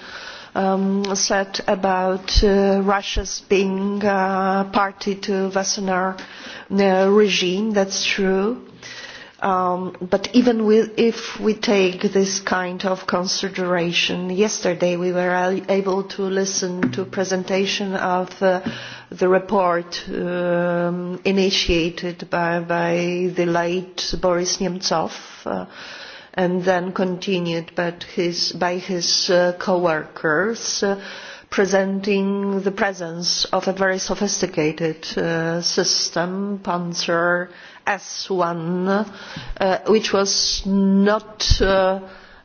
said about Russia's being a party to Wassenaar regime. That's true. but even with, if we take this kind of consideration, yesterday we were able to listen to a presentation of the report initiated by, the late Boris Nemtsov, and then continued by his co-workers presenting the presence of a very sophisticated system, Panzer S1, which was not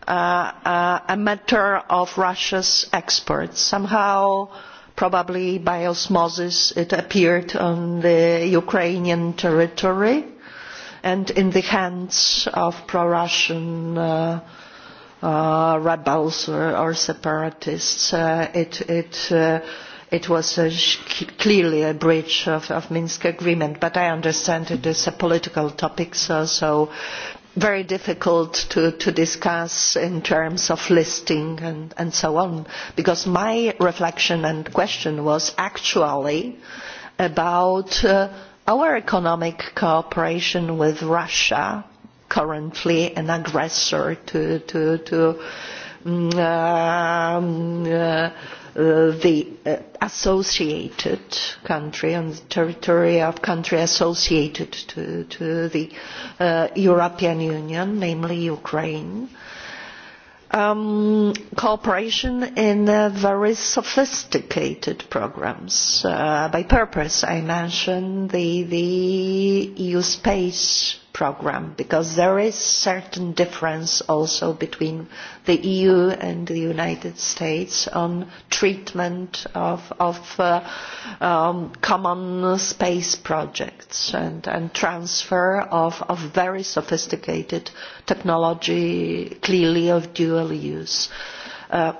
a matter of Russia's experts. Somehow, probably by osmosis, it appeared on the Ukrainian territory and in the hands of pro-Russian uh, rebels or, or separatists. Uh, it, it, uh, it was a, clearly a breach of, of Minsk agreement, but I understand it is a political topic, so, so very difficult to, to discuss in terms of listing and, and so on, because my reflection and question was actually about uh, our economic cooperation with Russia, currently an aggressor to, to, to um, uh, the uh, associated country and the territory of country associated to, to the uh, European Union, namely Ukraine, uh, cooperation in very sophisticated programmes. by purpose, I mention the, EU space programme because there is certain difference also between the EU and the United States on treatment of, of uh, um, common space projects and, and transfer of, of very sophisticated technology clearly of dual use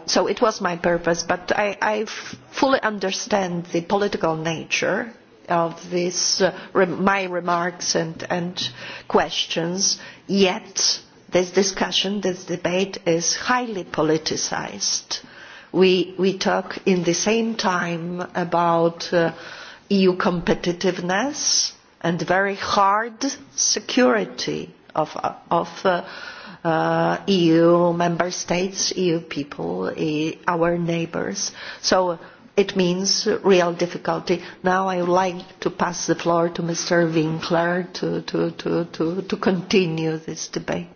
so it was my purpose, but I, I fully understand the political nature of this, my remarks and, questions, yet this discussion, this debate is highly politicised. We, we talk in the same time about EU competitiveness and very hard security of, EU member states, EU people, our neighbours. So it means real difficulty. Now I would like to pass the floor to Mr. Winkler to, to, to, to, to continue this debate.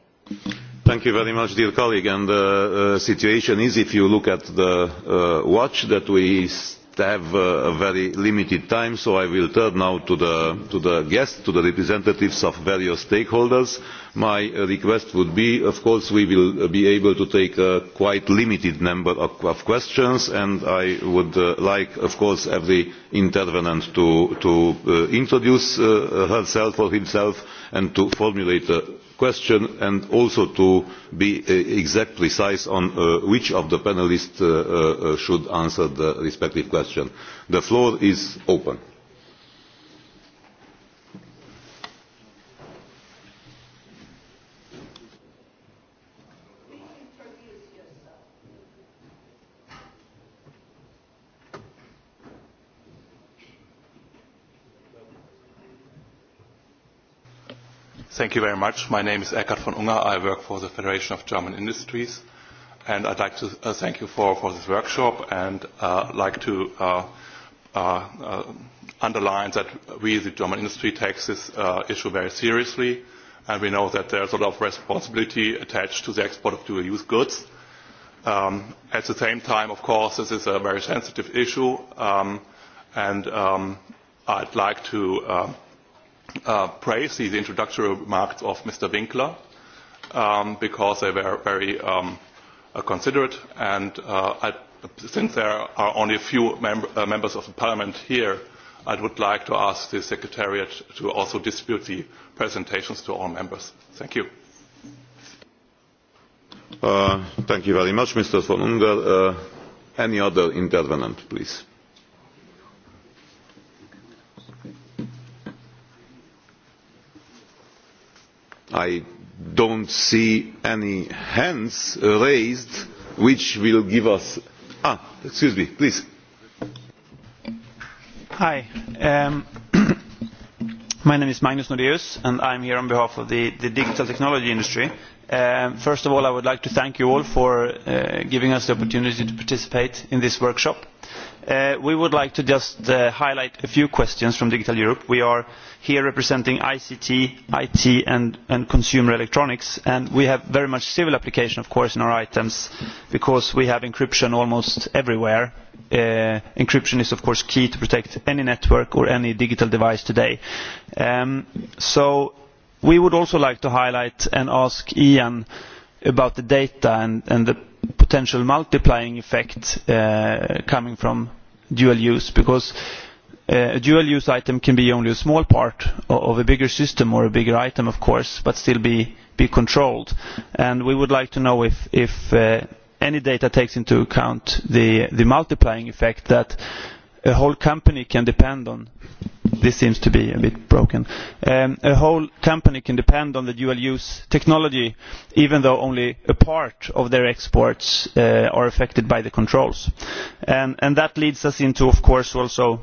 Thank you very much, dear colleague. And the uh, situation is, if you look at the uh, watch that we to have a very limited time so i will turn now to the guests to the representatives of various stakeholders. my request would be of course we will be able to take a quite limited number of questions and i would like of course every intervenant to introduce herself or himself and to formulate a question and also to be exact precise on which of the panellists should answer the respective question. the floor is open. Thank you very much. My name is Eckhard von Unger. I work for the Federation of German Industries. And I'd like to uh, thank you for, for this workshop and uh, like to uh, uh, uh, underline that we, the German industry, take this uh, issue very seriously. And we know that there's a lot of responsibility attached to the export of dual-use goods. Um, at the same time, of course, this is a very sensitive issue. Um, and um, I'd like to uh, praise the introductory remarks of Mr. Winkler um, because they were very um, considerate. And uh, I, since there are only a few mem- uh, members of the parliament here, I would like to ask the Secretariat to also distribute the presentations to all members. Thank you. Uh, thank you very much, Mr. von Unger. Uh, any other intervenant, please? I do not see any hands raised which will give us. Ah, excuse me, please. Hi. Um, my name is Magnus Nordeus, and I am here on behalf of the, the digital technology industry. uh, first of all, I would like to thank you all for uh, giving us the opportunity to participate in this workshop we would like to just highlight a few questions from digital europe. we are here representing ict it and consumer electronics and we have very much civil application of course in our items because we have encryption almost everywhere. encryption is of course key to protect any network or any digital device today. so we would also like to highlight and ask ian about the data and the potential multiplying effect coming from dual use because a dual use item can be only a small part of a bigger system or a bigger item of course but still be controlled and we would like to know if any data takes into account the multiplying effect that a whole company can depend on this seems to be a bit broken. Um, a whole company can depend on the dual-use technology, even though only a part of their exports uh, are affected by the controls. And, and that leads us into, of course, also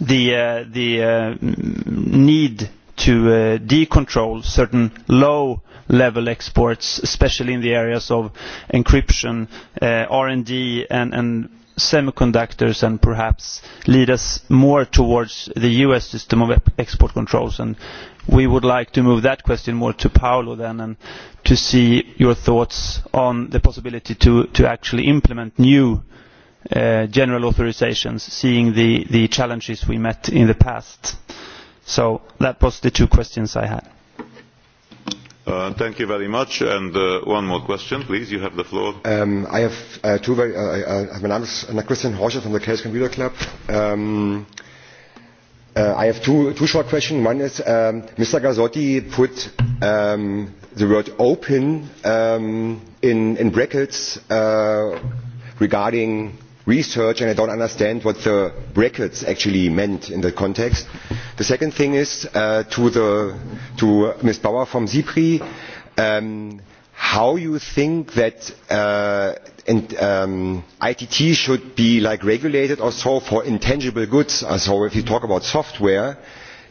the, uh, the uh, need to uh, decontrol certain low level exports, especially in the areas of encryption, uh, R&D and, and semiconductors and perhaps lead us more towards the US system of export controls. And we would like to move that question more to Paolo then and to see your thoughts on the possibility to, to actually implement new uh, general authorizations, seeing the, the challenges we met in the past. So that was the two questions I had thank you very much. And uh, one more question, please. You have the floor. Um, I have uh, two very. Uh, uh, my name is Anna Christian Horscher from the Chaos Computer Club. Um, uh, I have two, two short questions. One is um, Mr. gazotti put um, the word open um, in, in brackets uh, regarding research and I don't understand what the brackets actually meant in the context. The second thing is uh, to, the, to Ms. Bauer from ZIPRI, um, how you think that uh, um, ITT should be like regulated or so for intangible goods. So if you talk about software,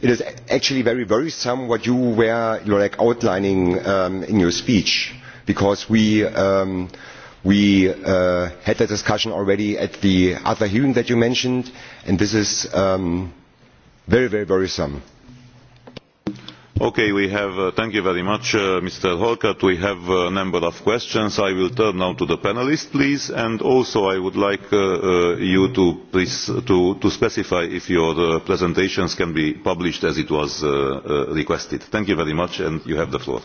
it is actually very worrisome what you were you're like outlining um, in your speech because we um, We uh, had that discussion already at the other hearing that you mentioned, and this is um, very, very worrisome. Okay, we have, uh, thank you very much, uh, Mr. Holkert. We have a number of questions. I will turn now to the panelists, please, and also I would like uh, uh, you to, please, to, to specify if your uh, presentations can be published as it was uh, uh, requested. Thank you very much, and you have the floor.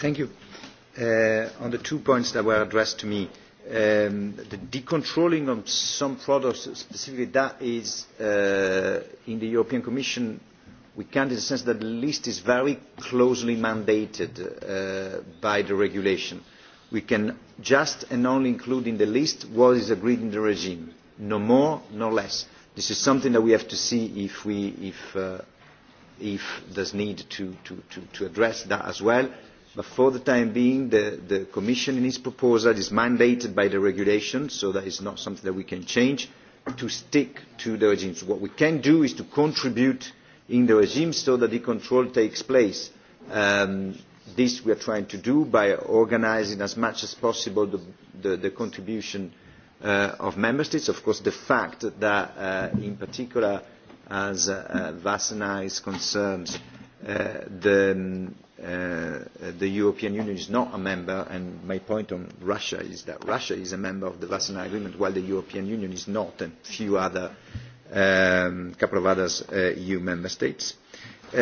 Thank you. Uh, on the two points that were addressed to me, um, the decontrolling of some products, specifically that is uh, in the European Commission, we can in the sense that the list is very closely mandated uh, by the regulation. We can just and only include in the list what is agreed in the regime, no more, no less. This is something that we have to see if, we, if, uh, if there's need to, to, to, to address that as well But for the time being, the, the Commission in its proposal is mandated by the regulation, so that is not something that we can change, to stick to the regime. So what we can do is to contribute in the regime so that the control takes place. Um, this we are trying to do by organising as much as possible the, the, the contribution uh, of member states. Of course, the fact that, uh, in particular, as uh, Vassana is concerned, uh, the the European Union is not a member, and my point on Russia is that Russia is a member of the Wassenaar Agreement, while the European Union is not, and a few other, um, couple of other EU member states. so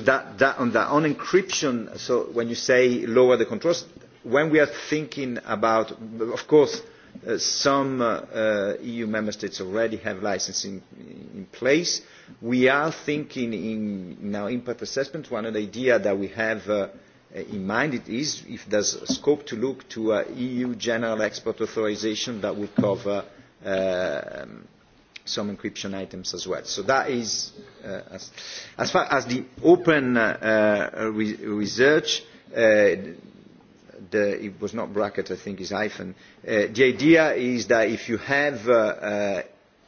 that, that on that, on encryption, so when you say lower the controls, when we are thinking about, of course, some EU member states already have licensing in place. We are thinking in our impact assessment, one of the ideas that we have in mind is if there is scope to look to an EU general export authorisation that would cover some encryption items as well. So that is, as, far as the open research, uh, it was not bracket, I think it's hyphen. Uh, the idea is that if you have uh, uh,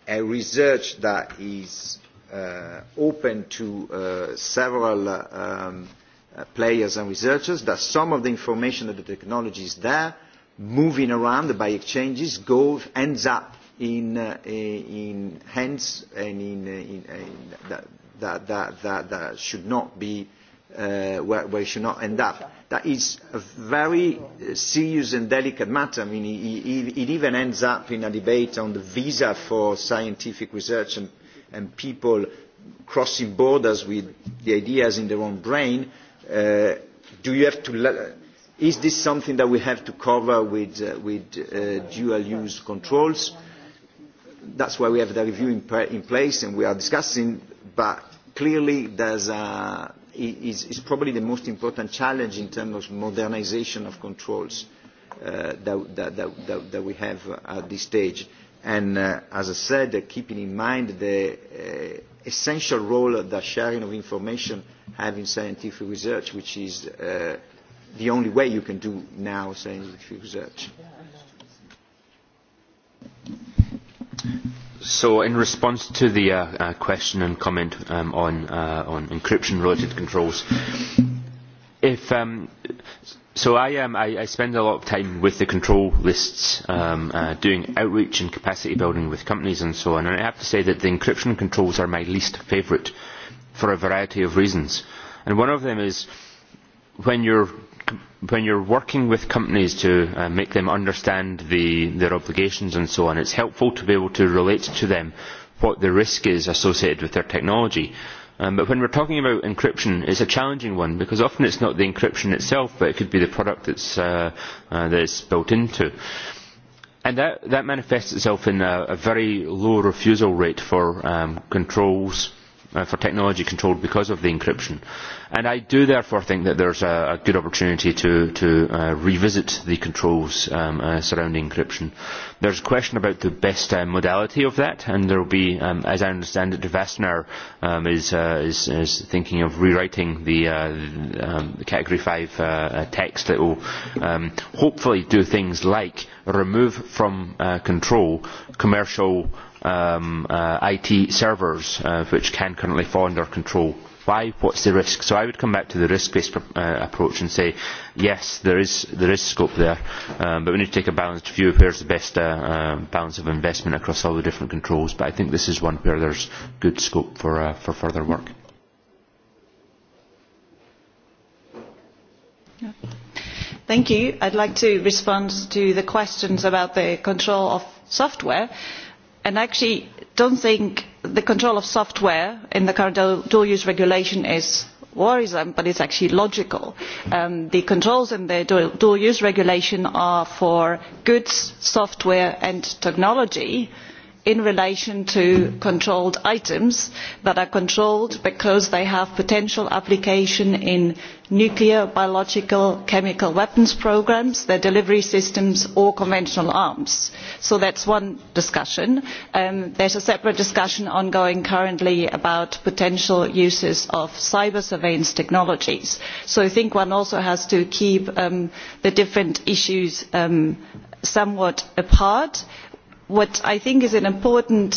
a research that is uh, open to uh, several um, uh, players and researchers, that some of the information that the technology is there, moving around by exchanges, go, ends up in, uh, in hands and in, in, in that, that, that, that should not be uh, uh, where, where it should not end up. That is a very serious and delicate matter. I mean, it, it even ends up in a debate on the visa for scientific research and, and people crossing borders with the ideas in their own brain. Uh, do you have to? Is this something that we have to cover with, uh, with uh, dual-use controls? That's why we have the review in, in place and we are discussing. But clearly, there's a is, is probably the most important challenge in terms of modernization of controls uh, that, that, that, that we have at this stage. And uh, as I said, uh, keeping in mind the uh, essential role that sharing of information have in scientific research, which is uh, the only way you can do now scientific research. So in response to the uh, uh, question and comment um, on, uh, on encryption-related controls, if um, so I, um, I, I spend a lot of time with the control lists um, uh, doing outreach and capacity building with companies and so on and I have to say that the encryption controls are my least favourite for a variety of reasons and one of them is when you're when you are working with companies to make them understand their obligations and so on, it is helpful to be able to relate to them what the risk is associated with their technology. but when we are talking about encryption, it is a challenging one because often it is not the encryption itself, but it could be the product that's, uh, uh, that it's built into. And that, that manifests itself in a, a very low refusal rate for um, controls, uh, for technology controlled because of the encryption I do therefore think that there is a, good opportunity to, revisit the controls surrounding encryption. There is a question about the best modality of that, and there will be, as I understand it, Vastner is, thinking of rewriting the, Category five text that will hopefully do things like remove from control commercial IT servers which can currently fall under control why is the risk so i would come back to the risk based uh, approach and say yes there is there is scope there um, but we need to take a balanced view of where is the best uh, uh, balance of investment across all the different controls but i think this is one where there is good scope for uh, for further work Thank you. I'd like to respond to the questions about the control of software. And actually, do not think the control of software in the current dual use regulation is worrisome but it is actually logical. the controls in the dual use regulation are for goods software and technology and in relation to controlled items that are controlled because they have potential application in nuclear biological and chemical weapons programmes their delivery systems or conventional arms. so that is one discussion. there is a separate discussion ongoing currently about potential uses of cyber surveillance technologies. so i think one also has to keep the different issues somewhat apart what i think is an important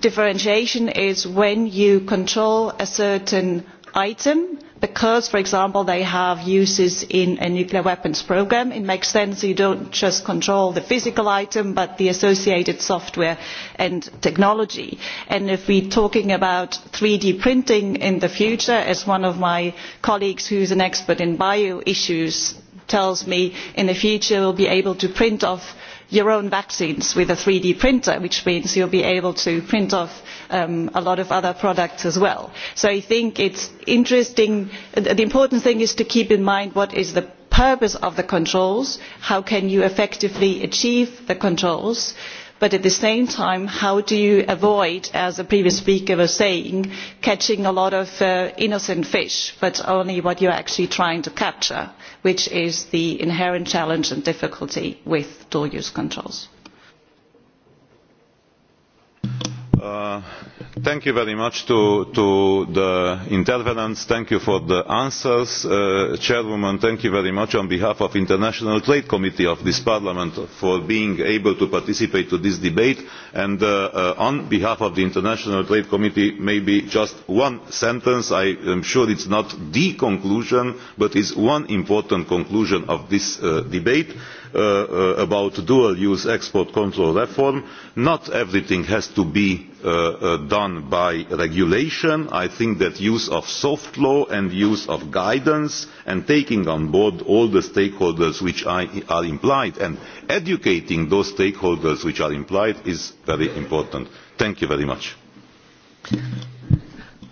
differentiation is when you control a certain item because for example they have uses in a nuclear weapons programme it makes sense that you do not just control the physical item but the associated software and technology. if we are talking about three d printing in the future as one of my colleagues who is an expert in bio issues tells me in the future we will be able to print off your own vaccines with a three d printer which means you will be able to print off a lot of other products as well. so i think the important thing is to keep in mind what is the purpose of the controls how can you effectively achieve the controls but at the same time how do you avoid as the previous speaker was saying catching a lot of innocent fish but only what you are actually trying to capture? which is the inherent challenge and difficulty with dual use controls Thank you very much to, to the intervenants. Thank you for the answers. Uh, Chairwoman, thank you very much on behalf of the International Trade Committee of this Parliament for being able to participate to this debate. And uh, uh, on behalf of the International Trade Committee, maybe just one sentence. I am sure it's not the conclusion, but it's one important conclusion of this uh, debate about dual use export control reform not everything has to be done by regulation i think that use of soft law and use of guidance and taking on board all the stakeholders which are implied and educating those stakeholders which are implied is very important. thank you very much.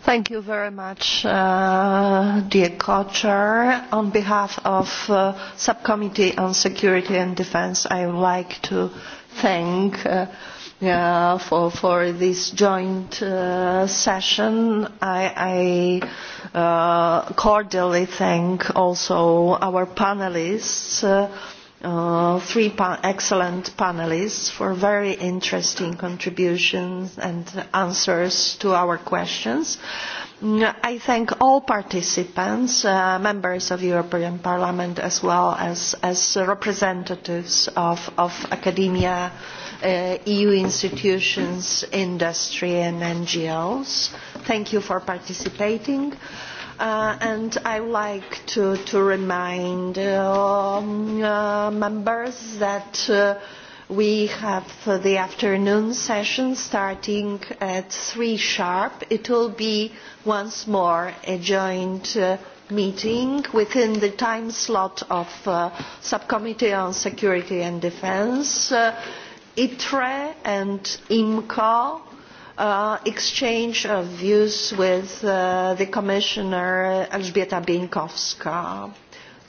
Thank you very much, dear co-chair. On behalf of the Subcommittee on Security and Defence, I would like to thank uh, for, for this joint uh, session. I, I uh, cordially thank also our panelists, uh, uh, three pa excellent panelists for very interesting contributions and answers to our questions. I thank all participants, uh, members of European Parliament as well as, as representatives of, of academia, uh, EU institutions, industry and NGOs. Thank you for participating. Uh, and I would like to, to remind uh, uh, members that uh, we have the afternoon session starting at three sharp. It will be once more a joint uh, meeting within the time slot of uh, Subcommittee on Security and Defence. Uh, ITRE and IMCO uh, exchange of views with uh, the Commissioner Elżbieta Binkowska.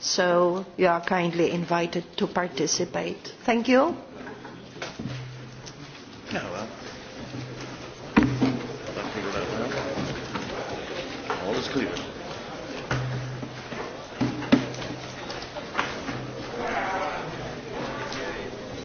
So you are kindly invited to participate. Thank you. Yeah, well. All is clear.